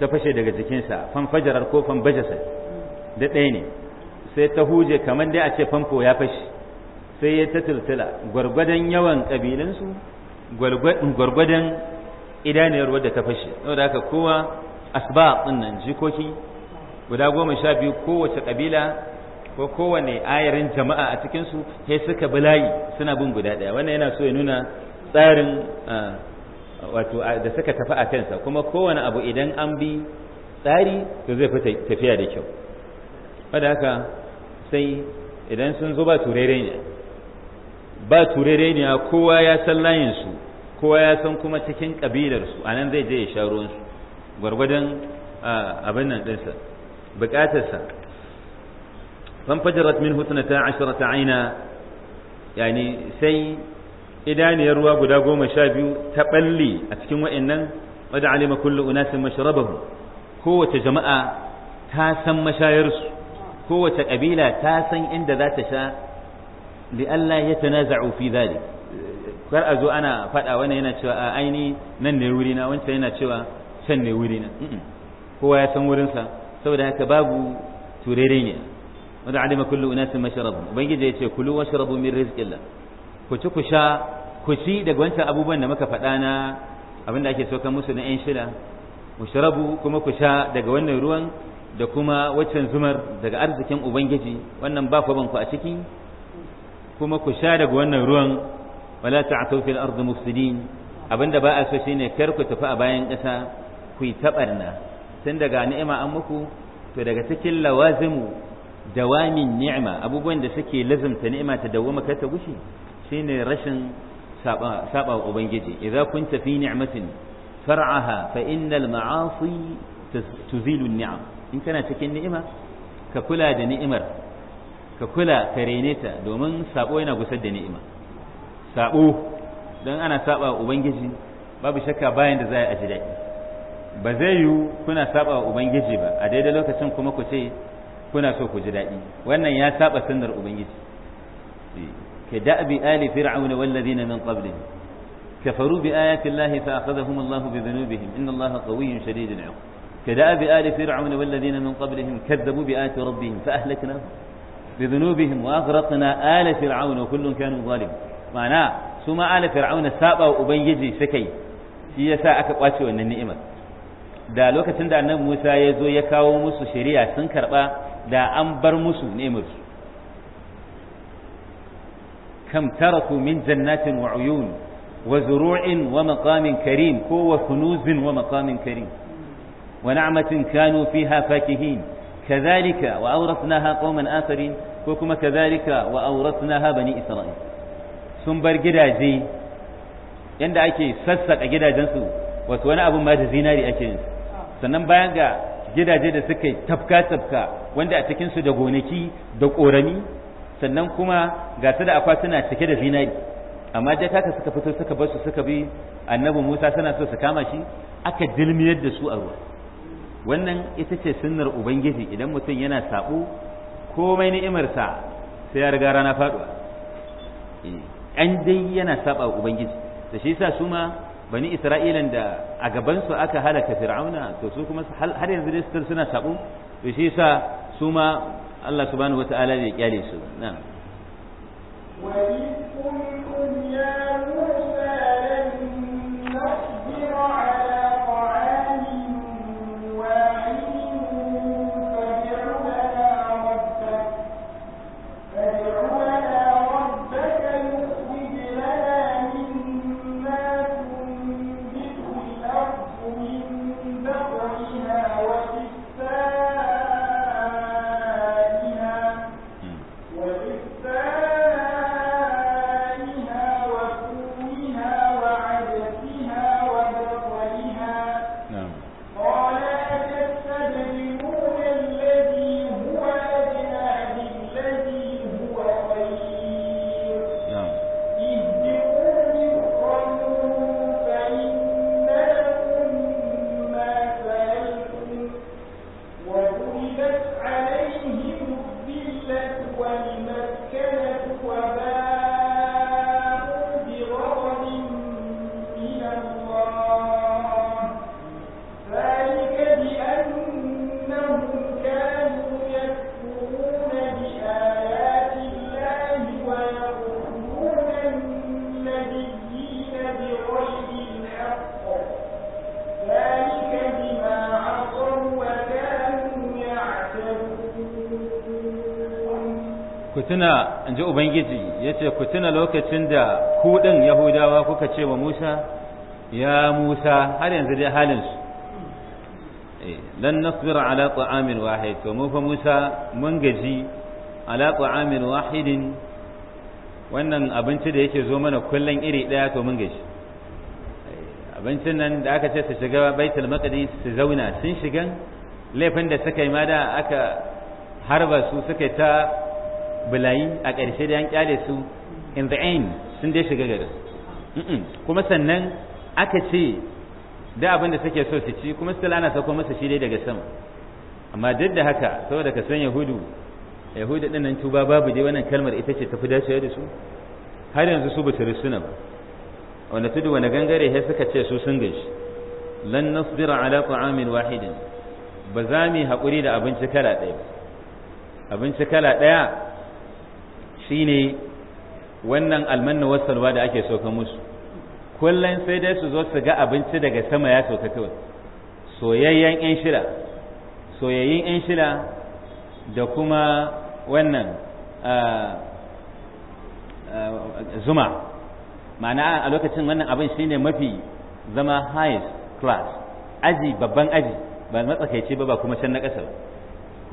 ta fashe daga jikinsa fan fajarar ko fan bajasa da ɗaya ne sai ta huje kamar dai a ce famfo ya fashi sai ya ta tiltila gwargwadon yawan ƙabilansu gwargwadon idaniyar wadda ta fashe saboda haka kowa asba ɗin nan jikoki guda goma sha biyu kowace ƙabila ko kowane ayarin jama'a a cikinsu sai suka layi suna bin guda ɗaya wannan yana so ya nuna tsarin wato da suka tafi a kansa kuma kowane abu idan an bi tsari to zai fi tafiya da kyau wadda haka sai idan sun zo ba turere ne ba turere ne kowa ya san layinsu kowa ya san kuma cikin ƙabilarsu a nan zai je ya sha ruwansu gwargwadon abin nan ɗinsa buƙatarsa fanfajarat min hutnata ta aina yani sai idaniyar ruwa guda goma sha biyu ta ɓalle a cikin wa'annan wadda alima kullu unasin mashrabahu kowace jama'a ta san mashayarsu kowace kabila ta san inda za ta sha Allah ya tanaza'u fi zalik kar a zo ana faɗa wani yana cewa a aini nan ne wurina wancan yana cewa can ne wurina kowa ya san wurinsa saboda haka babu turere ne wanda alima kullu unasin masharabu ubangiji ya ce kulu washrabu min rizqillah ku ci ku sha ku ci daga wancan abubuwan da muka faɗa na abin da ake so kan musu na yan shida mushrabu kuma ku sha daga wannan ruwan da kuma waccan zumar daga arzikin ubangiji wannan ba ku a ciki kuma ku sha daga wannan ruwan wala ta'tu fil ardi mufsidin abinda ba a so shine kar ku tafi a bayan ƙasa ku yi tabarna tun daga ni'ima an muku to daga cikin lawazimu dawamin ni'ima abubuwan da suke lazumta ni'ima ta dawwama kar ta gushi shine rashin saba saba wa ubangiji idza kunta fi ni'matin far'aha fa innal ma'asi tuzilu ni'am in kana cikin ni'ima ka kula da ni'imar ka kula ka rene ta domin sabo yana gusar da ni'ima sabo don ana saba ubangiji babu shakka bayan da za a ji daɗi ba zai yiwu kuna saba wa ubangiji ba a daidai lokacin kuma ku ce kuna so ku ji daɗi wannan ya saba sunnar ubangiji ka da'bi ali fir'auna wallazina min qablihim kafaru bi ayati llahi fa akhadhahum allah bi dhunubihim inna allaha qawiyyun shadidul 'iqab كداب آل فرعون والذين من قبلهم كذبوا بآت ربهم فأهلكنا بذنوبهم وأغرقنا آل فرعون وكل كانوا ظالمين معناه ثم آل فرعون سابا وأبيجي سكي شي يسا أكبواتي وأن النئمة دا لوكا تندع نب موسى يزو يكاو موسو شريعة سنكر با دا أنبر موسو نئمر كم تركوا من جنات وعيون وزروع ومقام كريم كو وكنوز ومقام كريم ونعمة كانوا فيها فاكهين كذلك وأورثناها قوما آخرين وكما كذلك وأورثناها بني إسرائيل sun bar gidaje yadda ake sassaƙa gidajensu wato wani abin ma zinari ake yin sannan bayan ga gidaje da suka tafka-tafka wanda a cikinsu da gonaki da ƙorami sannan kuma ga su da akwatuna cike da zinari amma dai kaka suka fito suka bar su suka bi annabi musa suna so su kama shi aka dilmiyar da su a ruwa wannan ita ce sunnar ubangiji idan mutum yana sabo komai ni'imarsa sai ya riga rana faɗuwa eh, an dai yana saba ubangiji da shi yasa su ma bani isra'ilan da a gabansu su aka halaka fir'auna to su kuma har yanzu dai suna sabo to shi yasa su ma Allah subhanahu wataala ya kyale su na'am tuna in ji ubangiji ya ce ku tuna lokacin da kuɗin yahudawa kuka ce wa musa ya musa har yanzu dai halinsu eh, lan nasbir ala ta'amin wahid to mu fa musa mun gaji ala ta'amin wahidin wannan abinci da yake zo mana kullum iri ɗaya to mun gaji eh, abincin nan da aka ce su shiga baitul maqdis su zauna sun shigan laifin da suka yi ma da aka harba su suka ta bulayi a ƙarshe da an kyale su in the end sun dai shiga gari kuma sannan aka ce da abin da suke so su ci kuma still ana sauko masa shi dai daga sama amma duk da haka saboda ka san yahudu yahudu din nan tuba babu dai wannan kalmar ita ce tafi dacewa da su har yanzu su basu risuna ba wanda tudu wani gangare sai suka ce su sun gaji lan nasbira ala ta'amin wahidin ba za mu haƙuri da abinci kala ɗaya abinci kala ɗaya shine wannan almanna wasalwa da ake soka musu kullum sai dai su zo su ga abinci daga sama ya soka kawai soyayyen yan shida soyayyen yan shira da kuma wannan zuma ma'ana a lokacin wannan abin shine mafi zama highest class aji babban aji ba matsakaici ba ba kuma can na ƙasa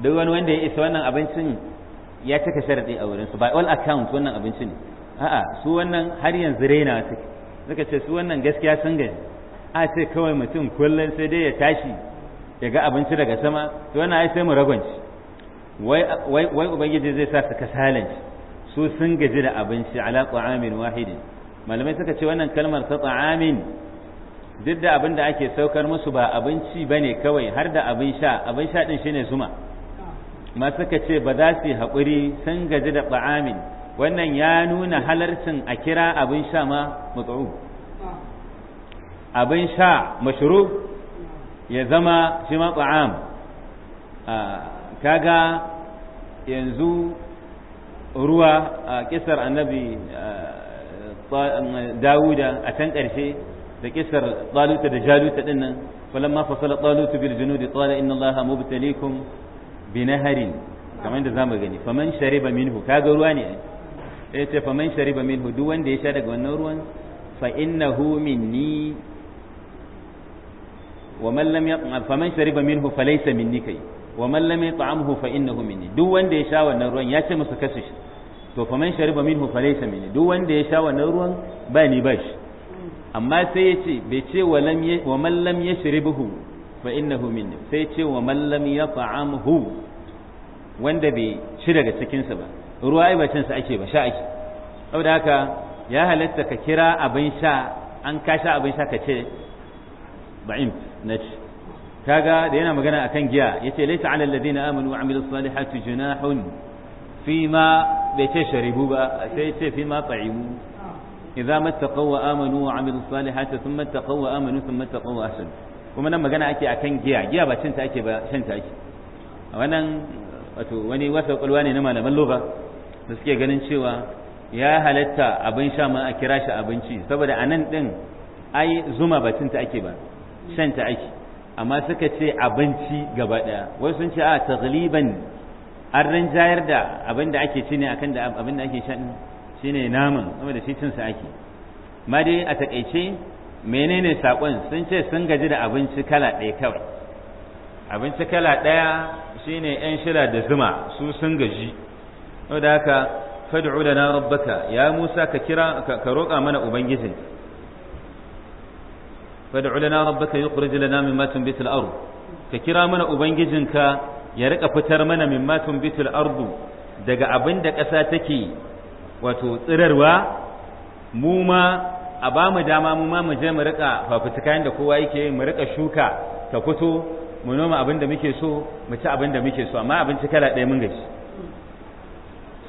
duk wani wanda ya isa wannan abincin ya cika sharadi a wurin su by all account wannan abincin a'a su wannan har yanzu raina suke suka ce su wannan gaskiya sun gaji a ce kawai mutum kullum sai dai ya tashi ya ga abinci daga sama to wannan ai sai mu ragwanci wai wai ubangiji zai sa su kasalanci su sun gaji da abinci ala qa'amin wahidin malamai suka ce wannan kalmar ta ta'amin duk da abin da ake saukar musu ba abinci bane kawai har da abin sha abin sha din shine zuma ma suka ce ba za su yi haƙuri sun gaji da ba'amin wannan ya nuna halarcin a kira abin sha ma matsu abin sha mashuru ya zama shi ma ba'am kaga yanzu ruwa a kisar annabi dawuda a can ƙarshe da kisar tsaluta da jaluta ɗin nan falamma fasala tsaluta bil junudi tsala inna allaha mubtalikum binaharin kamar da zamu gani faman shariba minhu kaga ruwa ne eh ce faman shariba minhu duk wanda ya sha daga wannan ruwan fa innahu minni wa man lam yat'am faman shariba minhu falaysa minni kai wa man lam yat'amhu fa innahu minni duk wanda ya sha wannan ruwan ya ce musu kasu shi to faman shariba minhu falaysa minni duk wanda ya sha wannan ruwan ba ni ba shi amma sai ya ce bai ce wa man lam yashribuhu fa innahu minni sai ce wa man lam yat'amhu wanda bai ci daga cikinsa ba ruwa ai bacin sa ake ba sha ake saboda haka ya halatta ka kira abin sha an ka sha abin sha ka ce ba'im na ci kaga da yana magana akan giya yace laysa 'alal ladina amanu wa 'amilus salihati junahun ma bai ce sharibu ba sai ce fi fima ta'imu إذا ما اتقوا وآمنوا وعملوا الصالحات ثم اتقوا وآمنوا ثم اتقوا وأحسنوا kuma nan magana ake akan giya giya ba cinta ake ba shanta ake a wannan wato wani wasa kulwa ne na malaman lugha da suke ganin cewa ya halatta abin sha ma a kira shi abinci saboda a nan din ai zuma ba cinta ake ba shanta ake amma suka ce abinci gaba daya wasu sun ce a ah, tagliban an rinjayar da abin da ake ci ne akan da abin da ake shan shine naman saboda shi cinsa ake ma dai a takaice menene saƙon sun ce sun gaji da abinci kala ɗaya kawai abinci kala ɗaya shine yan shida da zuma su sun gaji da haka fad'u lana rabbaka ya Musa ka kira ka roƙa mana ubangijin fad'u lana rabbaka yukhrij lana mimma tunbitul ardu ka kira mana ubangijinka ya rika fitar mana mimma tunbitul ardu daga abin da ƙasa take wato tsirarwa mu ma a ba mu dama mu ma mu je mu rika fafutuka da kowa yake mu rika shuka ta kuto mu noma abin da muke so mu ci abin da muke so amma abinci kala ɗaya mun gaji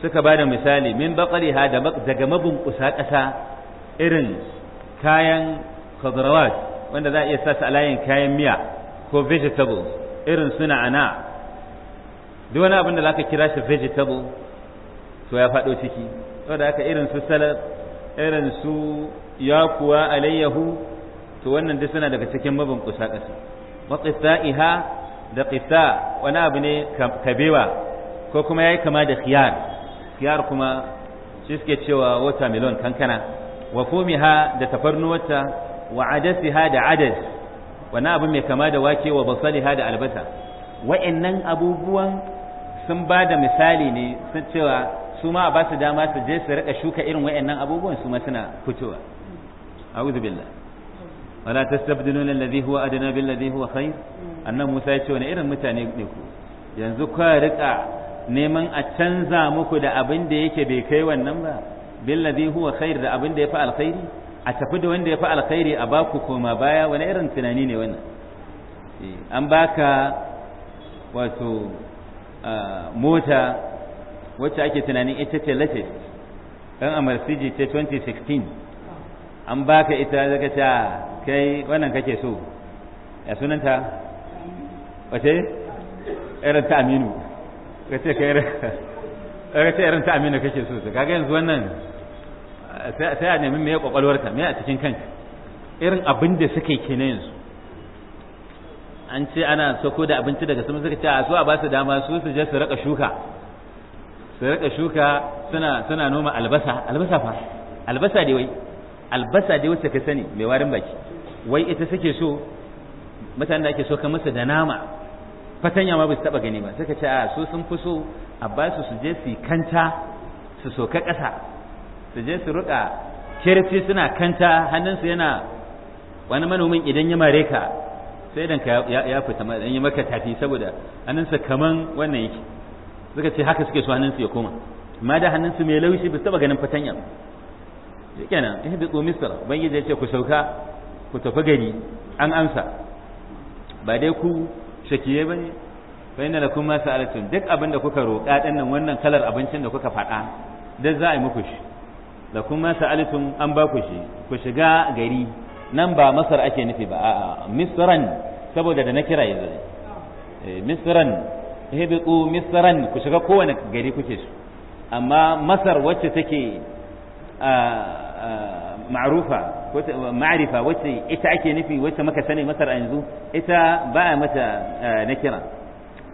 suka ba da misali min ha da daga mabunkusa ƙasa irin kayan khadrawat wanda za a iya sasa alayin kayan miya ko vegetables irin suna ana duk wani abin da za ka kira shi vegetable to ya faɗo ciki saboda haka irin su salad irin su ya kuwa alayyahu to wannan duk suna daga cikin mabin kusa ƙasa wa qithaiha da qitha wani abu ne kabewa ko kuma yayi kama da khiyar khiyar kuma shi suke cewa watermelon kankana wa fumiha da tafarnuwata wa adasiha da adas wani abu mai kama da wake wa basaliha da albasa wa'annan abubuwan sun ba da misali ne sun cewa su ma ba su dama su je su rika shuka irin wa'annan abubuwan su ma suna fitowa a'udhu billah wala huwa adna huwa khair Musa ya ce wani irin mutane ne ku yanzu ka rika neman a canza muku da abin da yake bai kai wannan ba huwa khair da abin da ya alkhairi a tafi da wanda ya fi alkhairi a baku koma baya wani irin baka mota wacce ake tunanin ita ce latest ce an baka ita zaka ce ah, kai wannan kake so ya sunanta wace irin ta aminu ka ce kai ka ce irin ta aminu kake so ga yanzu wannan sai a nemi mai kwakwalwarka mai a cikin kanka irin abin da suke kenan yanzu an ce ana sako da abinci daga sama suka ce a ah, so a ba su dama su su je su raka shuka su raka shuka suna suna noma albasa albasa fa albasa dai wai albasa dai wacce ka sani mai warin baki wai ita suke so mutanen da ake so ka masa da nama fatanya ma ba su taba gani ba suka ce a so sun fi so a ba su su je su kanta su soka ƙasa su je su ruka kirci suna kanta hannunsu yana wani manomin idan ya mare ka sai dan ya fita dan ya maka tafi saboda hannunsa kaman wannan yake suka ce haka suke so hannunsu ya koma amma da hannunsu mai laushi ba su taba ganin fatanya ba shikenan ihbitu misr ubangiji ya ce ku sauka ku tafi gari an amsa ba dai ku shakiye bane fa inna lakum ma sa'altum duk abin da kuka roƙa dan nan wannan kalar abincin da kuka faɗa duk za a yi muku shi lakum ma sa'altum an ba ku shi ku shiga gari nan ba masar ake nufi ba a'a misran saboda da na kira yanzu eh, misran ihbitu misran ku shiga kowane gari kuke su amma masar wacce take ma'rufa ma'rifa wacce ita ake nufi wacce muka sani masar a yanzu ita ba a mata nakira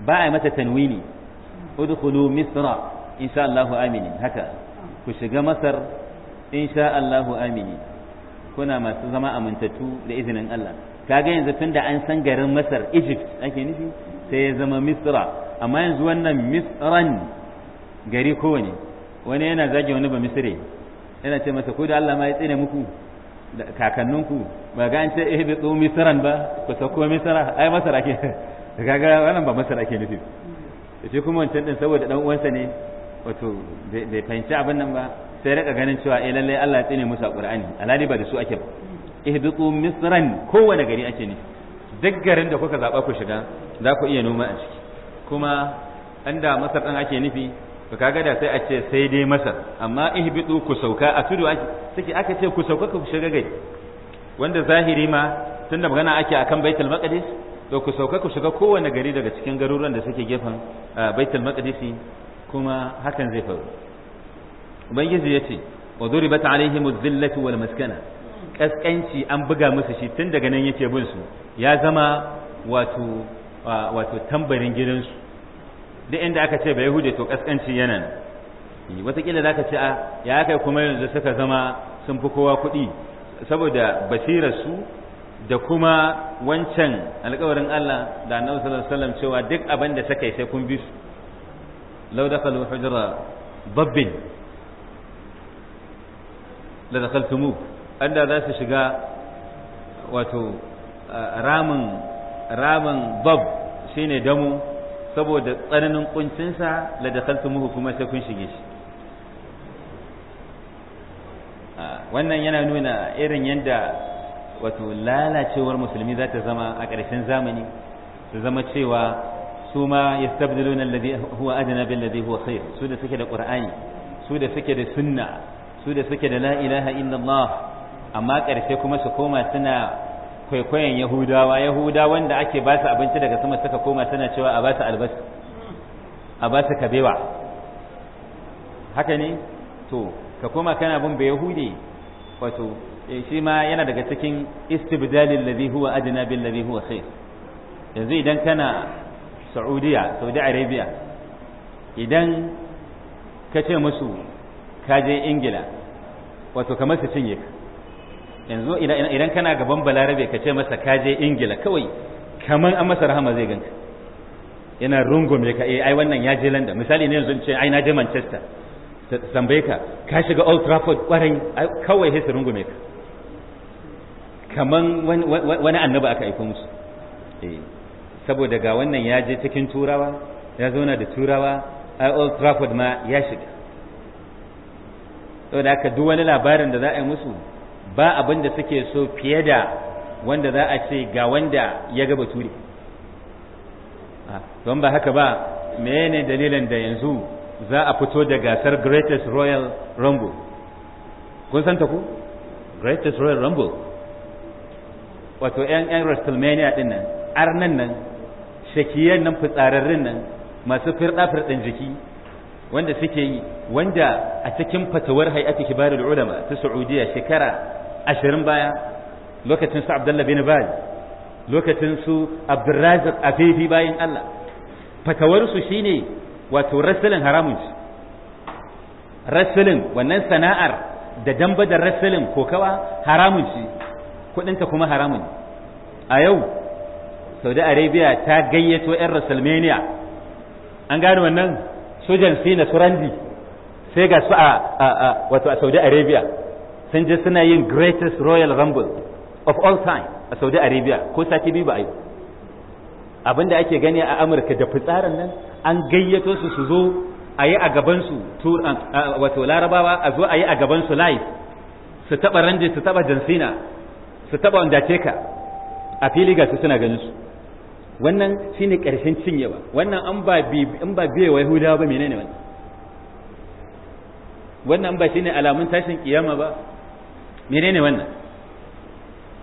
ba a mata tanwini udkhulu misra insha Allahu amini haka ku shiga masar insha Allahu amini kuna masu zama amintattu da izinin Allah kaga yanzu tunda an san garin masar Egypt ake nufi sai ya zama misra amma yanzu wannan misran gari kowane wani yana zage wani ba misri yana ce masa ko da Allah ma ya tsine muku kakanninku ba ga an ce eh bi tsumi saran ba ku sako misra ai masara ke kaga wannan ba masara ke nufi yace kuma wancan din saboda dan uwansa ne wato bai fahimci abin nan ba sai rika ganin cewa eh lalle Allah ya tsine musu Alƙur'ani Qur'ani alali ba da su ake ba eh, tsumi misran kowane gari ake ne duk garin da kuka zaba ku shiga za ku iya noma a ciki kuma inda masar ɗin ake nufi to kaga da sai a ce sai dai masa amma ihbitu ku sauka a tudu take aka ce ku sauka ku shiga gai wanda zahiri ma tunda magana ake akan baitul maqdis to ku sauka ku shiga kowane gari daga cikin garuruwan da suke gefen baitul maqdisi kuma hakan zai faru ubangiji ya ce wa duribat alaihim dhillatu wal maskana kaskanci an buga musu shi tun daga nan yake bin su ya zama wato wato tambarin gidansu duk inda aka ce ba yahude to kaskanci yana nan wataƙila za ka ce a ya kai kuma yanzu suka zama sun fi kowa kuɗi saboda basirarsu da kuma wancan alƙawarin Allah da annabi sallallahu alaihi wasallam cewa duk abin da suka yi sai kun bi su law dakhalu hujra babbin la dakhaltumu anda za su shiga wato ramin ramin bab shine damu saboda tsananin kuncinsa la muhu kuma sai kun shige shi ah, wannan yana nuna irin yadda wato lalacewar musulmi za ta zama a ƙarshen zamani su zama cewa su ma ya yastabdiluna alladhi huwa adana bin ladi huwa khair su da suke da ƙura'ani su da suke da sunna su da suke da la ilaha illallah amma ƙarshe kuma su koma suna kwaikwayon yahudawa yahudawan wanda ake ba su abinci daga sama suka koma tana cewa a ba su albas a ba su kabewa haka ne to ka koma kana bin bai yahudi wato eh, shi ma yana daga cikin istibdalin ladhi huwa adna bil ladhi huwa khair yanzu idan kana saudiya saudi arabia idan ka ce musu ka ingila wato kamar su cinye ka yanzu idan kana gaban balarabe ka ce masa ka je ingila kawai kaman an masa rahama zai ganka yana rungume ka eh, ai wannan ya je london misali ne yanzu ce ai na je manchester tambaye ka ka shiga old trafford kwarai kawai sai rungume ka kaman wani annabi aka aiko musu eh, saboda ga wannan ya je cikin turawa ya zauna da turawa ai old trafford ma ya shiga saboda haka duk wani labarin da za a yi musu ba abin da suke so fiye da wanda za a ce ga wanda ya ga bature ah, don ba haka ba menene dalilin da yanzu za a fito da gasar greatest royal rumble kun santa ku greatest royal rumble wato 'yan 'yan wrestlemania din nan arnan nan shakiyar nan fitsararrun nan masu firɗa ɗin jiki wanda suke yi wanda a cikin fatawar hay'atu kibarul ulama ta Saudiya shekara ashirin baya lokacin su abdullah bin baz lokacin su abdurrazak afifi bayan allah fatawarsu shine wato rasulin haramun shi rasulin wannan sana'ar da damba da rasulin kokawa haramun shi kudinta kuma haramun a yau saudi arabia ta gayyato 'yan rasulmania an gane wannan sojan sina surandi sai ga su a wato a saudi arabia sun je suna yin greatest royal rumble of all time a saudi arabia ko sati biyu ba a yi abinda ake gani a amurka da fitsarin nan an gayyato su su zo a yi a gabansu wato larabawa a zo a yi a gabansu live su taɓa ranje su taɓa jansina su taɓa undertaker a fili ga su suna ganin su wannan shine ƙarshen cinyewa wannan an ba an ba biye wai hudawa ba menene wannan wannan ba shine alamun tashin kiyama ba menene wannan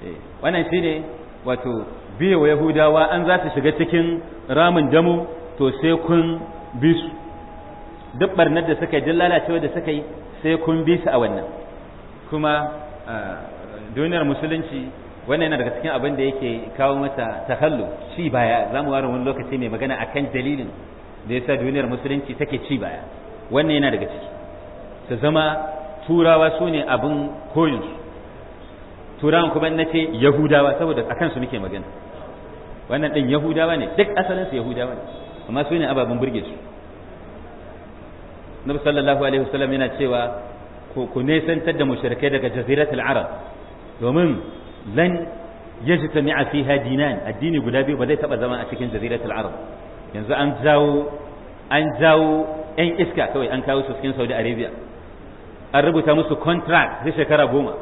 eh, wannan shine wato biyo yahudawa an za su shiga cikin ramin damu to sai kun bi su duk barnar da suka yi duk lalacewa da suka yi sai kun bi su a wannan kuma duniyar musulunci wannan yana daga cikin abin da yake kawo mata tahallu ci baya za mu ware wani lokaci mai magana akan dalilin da yasa duniyar musulunci take ci baya wannan yana daga ciki ta zama turawa su ne abin koyinsu turawan kuma na ce yahudawa saboda a kansu muke magana wannan ɗin yahudawa ne duk asalinsu yahudawa ne amma su ne ababen burge su nabi sallallahu alaihi wasallam yana cewa ku nesantar da mushrikai daga jaziratul arab domin lan yajtami'a fiha dinan addini guda biyu ba zai taba zama a cikin jaziratul arab yanzu an jawo an jawo yan iska kawai an kawo su cikin saudi arabia an rubuta musu contract na shekara goma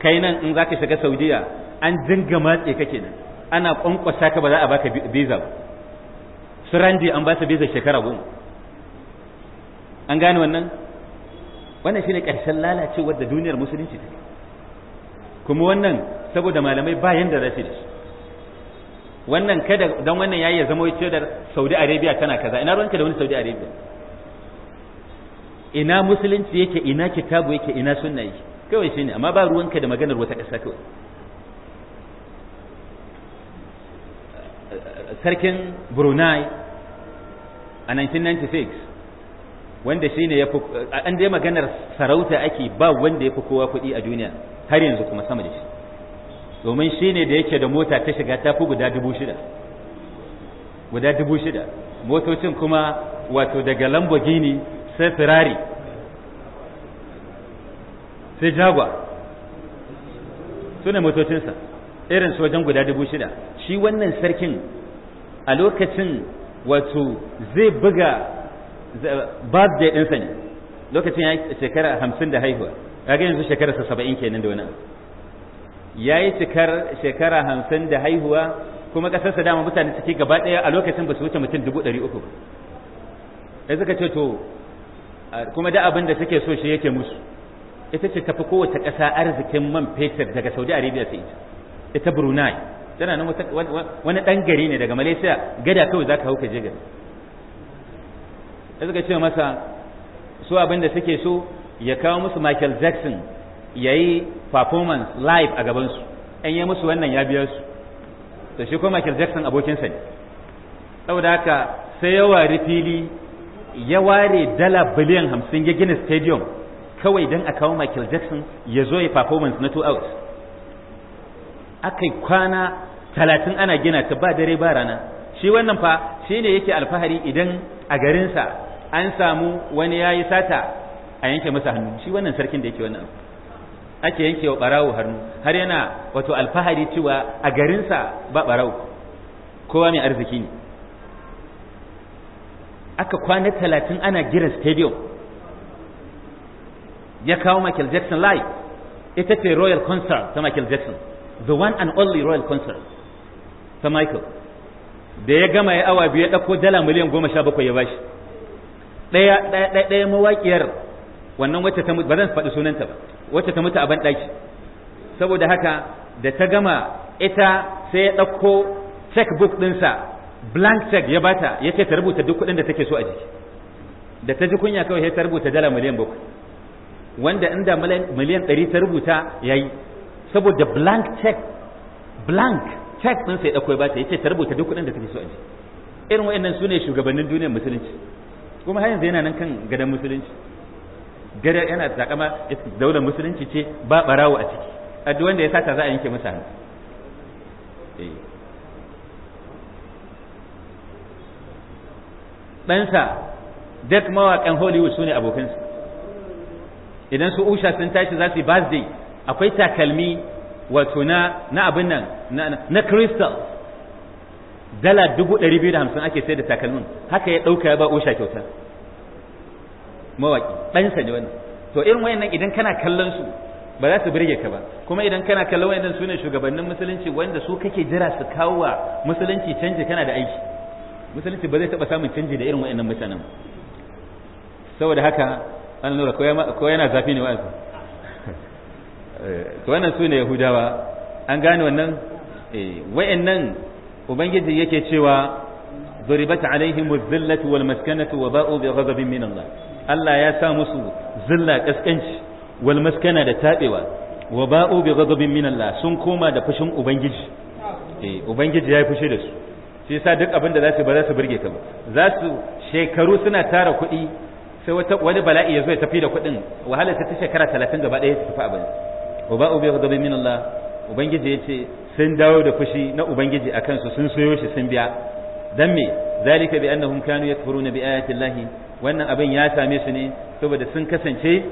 kai nan in za ka shiga saudiya an dinga matse ka kenan ana kwankwasa ka ba za a baka visa ba su an ba su visa shekara goma an gane wannan wannan shine karshen lalacewar da duniyar musulunci take kuma wannan saboda malamai ba yanda za su da wannan kada dan wannan yayi ya zama wacce da Saudi Arabia tana kaza ina ruwanka da wani Saudi Arabia ina musulunci yake ina kitabu yake ina sunna yake kawai shine amma ba ruwanka da maganar wata ƙasa kawai sarkin brunei a 1996 wanda shine ya fi an dai maganar sarauta ake ba wanda ya fi kowa kuɗi a duniya har yanzu kuma sama da shi domin shine da yake da mota ta shiga ta fi guda dubu shida guda dubu shida motocin kuma wato daga lamborghini sai firari sai jagwa su ne motocinsa irin su wajen guda dubu shida shi wannan sarkin a lokacin wato zai buga birthday ɗinsa ne lokacin ya yi shekara hamsin da haihuwa ya ga yanzu shekararsa saba'in kenan da wani ya yi cikar shekara hamsin da haihuwa kuma ƙasarsa dama mutane ciki gaba ɗaya a lokacin ba su wuce mutum dubu ɗari uku ba suka ce to kuma da abin da take so shi yake musu ita ce tafi kowace ƙasa arzikin man fetur daga saudi arabia sai ita ita brunei tana nan wani ɗan gari ne daga malaysia gada kawai za ka hau ka je gari suka ce masa su abin da suke so ya kawo musu michael jackson ya yi performance live a gabansu an yi musu wannan ya biya su to shi ko michael jackson abokinsa ne saboda haka sai yawa fili ya ware dala biliyan hamsin ya gina stadium kawai don a kawo michael jackson ya zo ya performance na two hours aka yi kwana talatin ana gina ta ba dare ba rana shi wannan fa shi ne yake alfahari idan a garinsa an samu wani ya yi sata a yanke masa hannu shi wannan sarkin da yake wannan ake yanke wa barawo hannu har yana wato alfahari cewa a garinsa ba barawo kowa mai arziki ne aka kwana talatin ana gina stadium ya kawo Michael Jackson live ita ce Royal Concert ta Michael Jackson the one and only Royal Concert ta Michael da ya gama ya awa biyu ya ɗauko dala miliyan goma sha bakwai ya bashi ɗaya ɗaya ɗaya mawaƙiyar wannan wacce ta mutu ba zan faɗi sunanta ba wacce ta mutu a ban ɗaki saboda haka da ta gama ita sai ya ɗauko checkbook ɗinsa blank check ya bata ya ce ta rubuta duk kuɗin da take so a jiki da ta ji kunya kawai sai ta rubuta dala miliyan bakwai wanda inda miliyan ɗari ta rubuta ya yi saboda blank check blank check ɗin sai ɗakwai bata ya ce ta rubuta duk kuɗin da take so a jiki irin wa'annan su ne shugabannin duniyar musulunci kuma har yanzu yana nan kan gadon musulunci gare yana takama daular musulunci ce ba barawo a ciki a duk wanda ya sata za a yanke masa hannu eh. ɗansa duk mawaƙan hollywood su ne abokansu idan su usha sun tashi za su yi birthday akwai takalmi wato na na abin nan na crystal dala dubu ɗari biyu da hamsin ake sai da takalmin haka ya ɗauka ya ba usha kyauta mawaƙi ɗansa ne wannan to irin wayannan idan kana kallon su ba za su birge ka ba kuma idan kana kallon wayannan su ne shugabannin musulunci wanda su kake jira su kawo wa musulunci canji kana da aiki musulunci ba zai taɓa samun canji da irin wa'annan mutanen saboda haka an nura ko yana zafi ne wa'azi to wannan su ne yahudawa an gane wannan eh, wa'annan ubangiji yake cewa ضربت عليهم الذلة والمسكنة وباءوا بغضب من الله الله يا سامس ذلة كسكنش والمسكنة تابوا وباءوا بغضب من الله سن كوما da fushin ubangiji eh ubangiji fushi da su shi yasa duk abin da za su ba za su burge ka ba za su shekaru suna tara kuɗi sai wani bala'i ya zo ya tafi da kuɗin wahala ta shekara talatin gaba ɗaya su tafi abin uba ubi min Allah ubangiji yace sun dawo da fushi na ubangiji akan kansu sun soyo shi sun biya dan me zalika bi annahum kanu yakfuruna bi ayati Allah wannan abin ya same su ne saboda sun kasance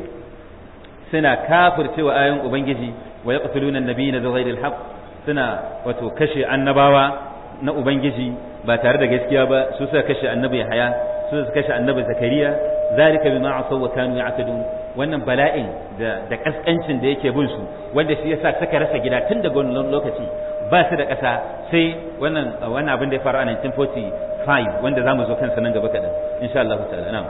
suna kafircewa ayoyin ubangiji wa yaqtuluna an-nabiyina bi al-haqq suna wato kashe annabawa na ubangiji ba tare da gaskiya ba su suka kashe annabi Yahaya su suka kashe annabi Zakariya zalika bima asaw wa kanu ya'tadun wannan bala'in da da kaskancin da yake bin su wanda shi yasa suka rasa gida tun daga wannan lokaci ba su da ƙasa sai wannan wannan abin da ya faru a 1945 wanda zamu zo kansa nan gaba kadan insha Allah ta'ala na'am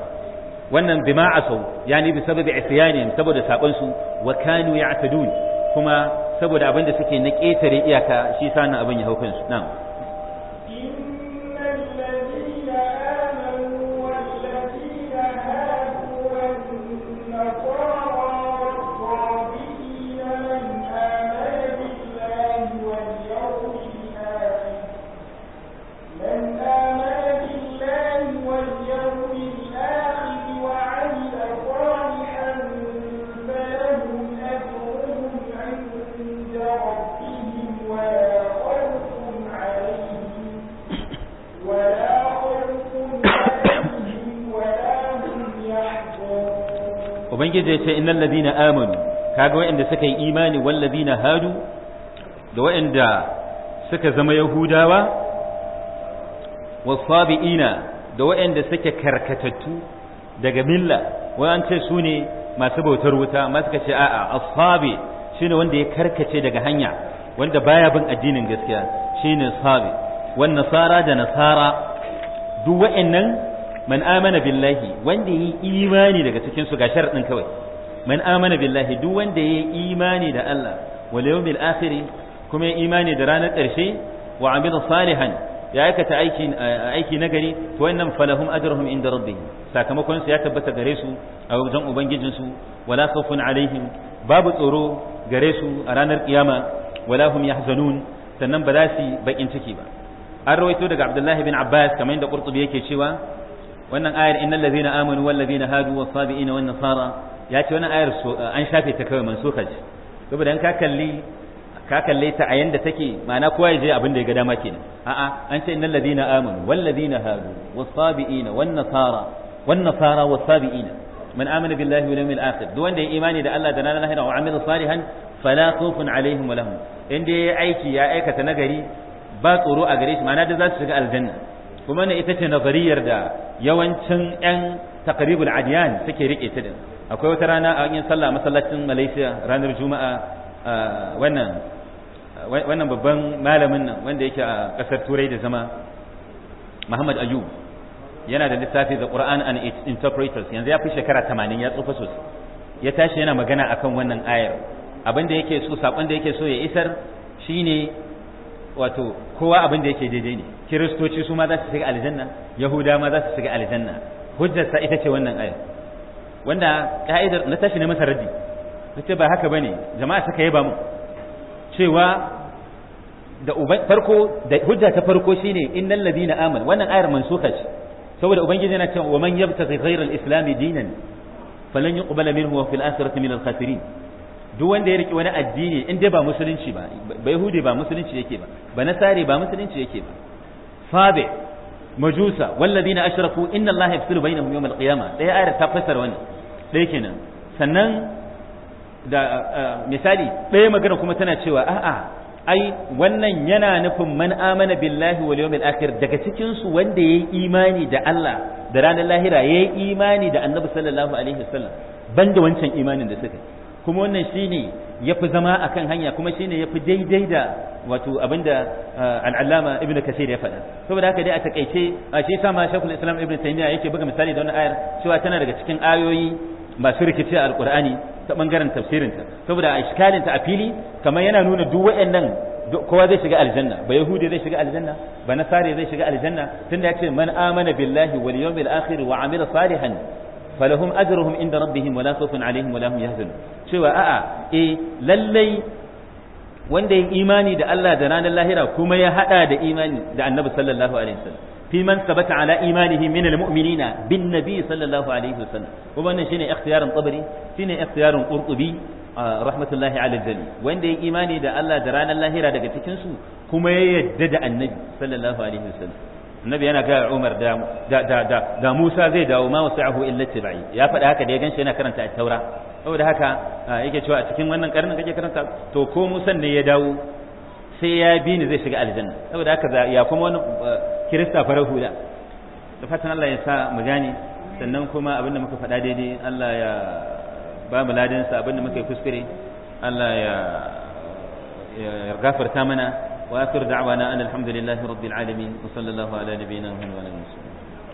wannan bima asaw yani bi sababi isyanihim saboda sabon su wa kanu ya'tadun kuma saboda abin da suke na ƙetare iyaka shi sanin abin ya hau kansu na'am ce innal ladina amanu kaga wa'anda suka yi imani wal ladina hadu da wa'anda suka zama yahudawa wasabiina da wa'anda suke karkatattu daga milla wai ce su ne masu bautar wuta ma suka ce a'a asabi shine wanda ya karkace daga hanya wanda baya bin addinin gaskiya shine sabi wan nasara da nasara duk wa'annan man amana billahi wanda yi imani daga cikin su ga sharadin kawai man amana billahi duk wanda ya yi imani da Allah wal yawmil akhir kuma yayi imani da ranar ƙarshe wa amila salihan ya aikata aiki aiki nagari to wannan falahum ajruhum inda rabbihim sakamakon su ya tabbata gare su a wajen ubangijin su wala khawfun alaihim babu tsoro gare su a ranar kiyama wala hum yahzanun sannan ba za su baƙin ciki ba an rawaito daga Abdullahi bin Abbas kamar yadda Qurtubi yake cewa wannan ayar innal ladhina amanu wal ladhina hadu was sabiina wan nasara ya ce wani ayar an shafe ta kawai mansuka ce saboda in ka kalli ka kalle ta a yanda take ma'ana kowa ya je abin da ya ga dama kenan a'a an ce innal ladina amanu wal ladina hadu was sabiina wan nasara wan nasara was sabiina man amana billahi wal yawmil akhir duk wanda ya imani da Allah da ranar lahira wa amila salihan fala khawfun alaihim wa lahum inda ya aiki ya aikata nagari ba tsoro a gare shi ma'ana da za su shiga aljanna kuma ne ita ce nazariyar da yawancin yan taqribul adyan suke rike ta din akwai wata rana a yin sallah masallacin Malaysia ranar juma'a wannan wannan babban malamin nan wanda yake a kasar turai da zama Muhammad Ayub yana da littafi da Quran and its interpreters yanzu ya fi shekara 80 ya tsufa sosai ya tashi yana magana akan wannan ayar abinda yake so sakon da yake so ya isar shine wato kowa abinda yake daidai ne kiristoci su ma za su shiga aljanna yahuda ma za su shiga aljanna hujjarsa ita ce wannan aya wanda ka'idar na tashi na masa raddi nace ba haka bane jama'a suka yaba mu cewa da farko da hujja ta farko shine innal na aman wannan ayar suka ce saboda ubangiji yana cewa wa man yabtaghi ghayra al-islam dinan falan yuqbala minhu wa fil akhirati min al duk wanda ya rike wani addini in dai ba musulunci ba ba yahudi ba musulunci yake ba ba nasari ba musulunci yake ba fabe majusa walladina ashraku inna allaha yafsilu bainahum yawm alqiyama dai ayar ta fassara wannan dai kenan sannan da misali ɗaya magana kuma tana cewa a'a ai wannan yana nufin man amana billahi wal yawmil akhir daga cikin su wanda yayi imani da Allah da ranar lahira yayi imani da Annabi sallallahu alaihi wasallam banda wancan imanin da suka kuma wannan shine ya fi zama a kan hanya kuma shi ne ya fi daidai da wato abinda uh, al'allama ibn kasir ya faɗa saboda haka dai a takaice a shi sa shakul islam ibn taimiyya yake buga misali da wannan ayar cewa tana daga cikin ayoyi masu rikici a alqur'ani ta bangaren tafsirinta saboda a iskalinta a fili kamar yana nuna duk waɗannan kowa zai shiga aljanna ba yahudi zai shiga aljanna ba nasare zai shiga aljanna tunda ya ce man amana billahi wal yawmil akhir wa amila salihan falahum ajruhum inda rabbihim wala khawfun alaihim wala hum yahzanun cewa a'a eh lallai wanda ya imani da Allah da ranar lahira kuma ya haɗa da imani da Annabi sallallahu alaihi wasallam fi man sabata ala imanihi min almu'minina bin nabi sallallahu alaihi wasallam kuma wannan shine ikhtiyarin tabari shine ikhtiyarin qurtubi rahmatullahi ala jami wanda ya imani da Allah da ranar lahira daga cikin su kuma ya yadda da Annabi sallallahu alaihi annabi yana ga Umar da da da da Musa zai dawo ma wasa'ahu illa tibai ya faɗa haka da ya ganshi yana karanta a taura saboda haka yake cewa a cikin wannan karnin kake karanta to ko Musa ne ya dawo sai ya bi ni zai shiga aljanna saboda haka ya kuma wani kirista farar da da fatan Allah ya sa mu gane sannan kuma abinda muka faɗa daidai Allah ya ba mu ladin abin abinda muka yi kuskure Allah ya gafarta mana وآخر دعوانا أن الحمد لله رب العالمين وصلى الله على نبينا محمد وعلى آله وصحبه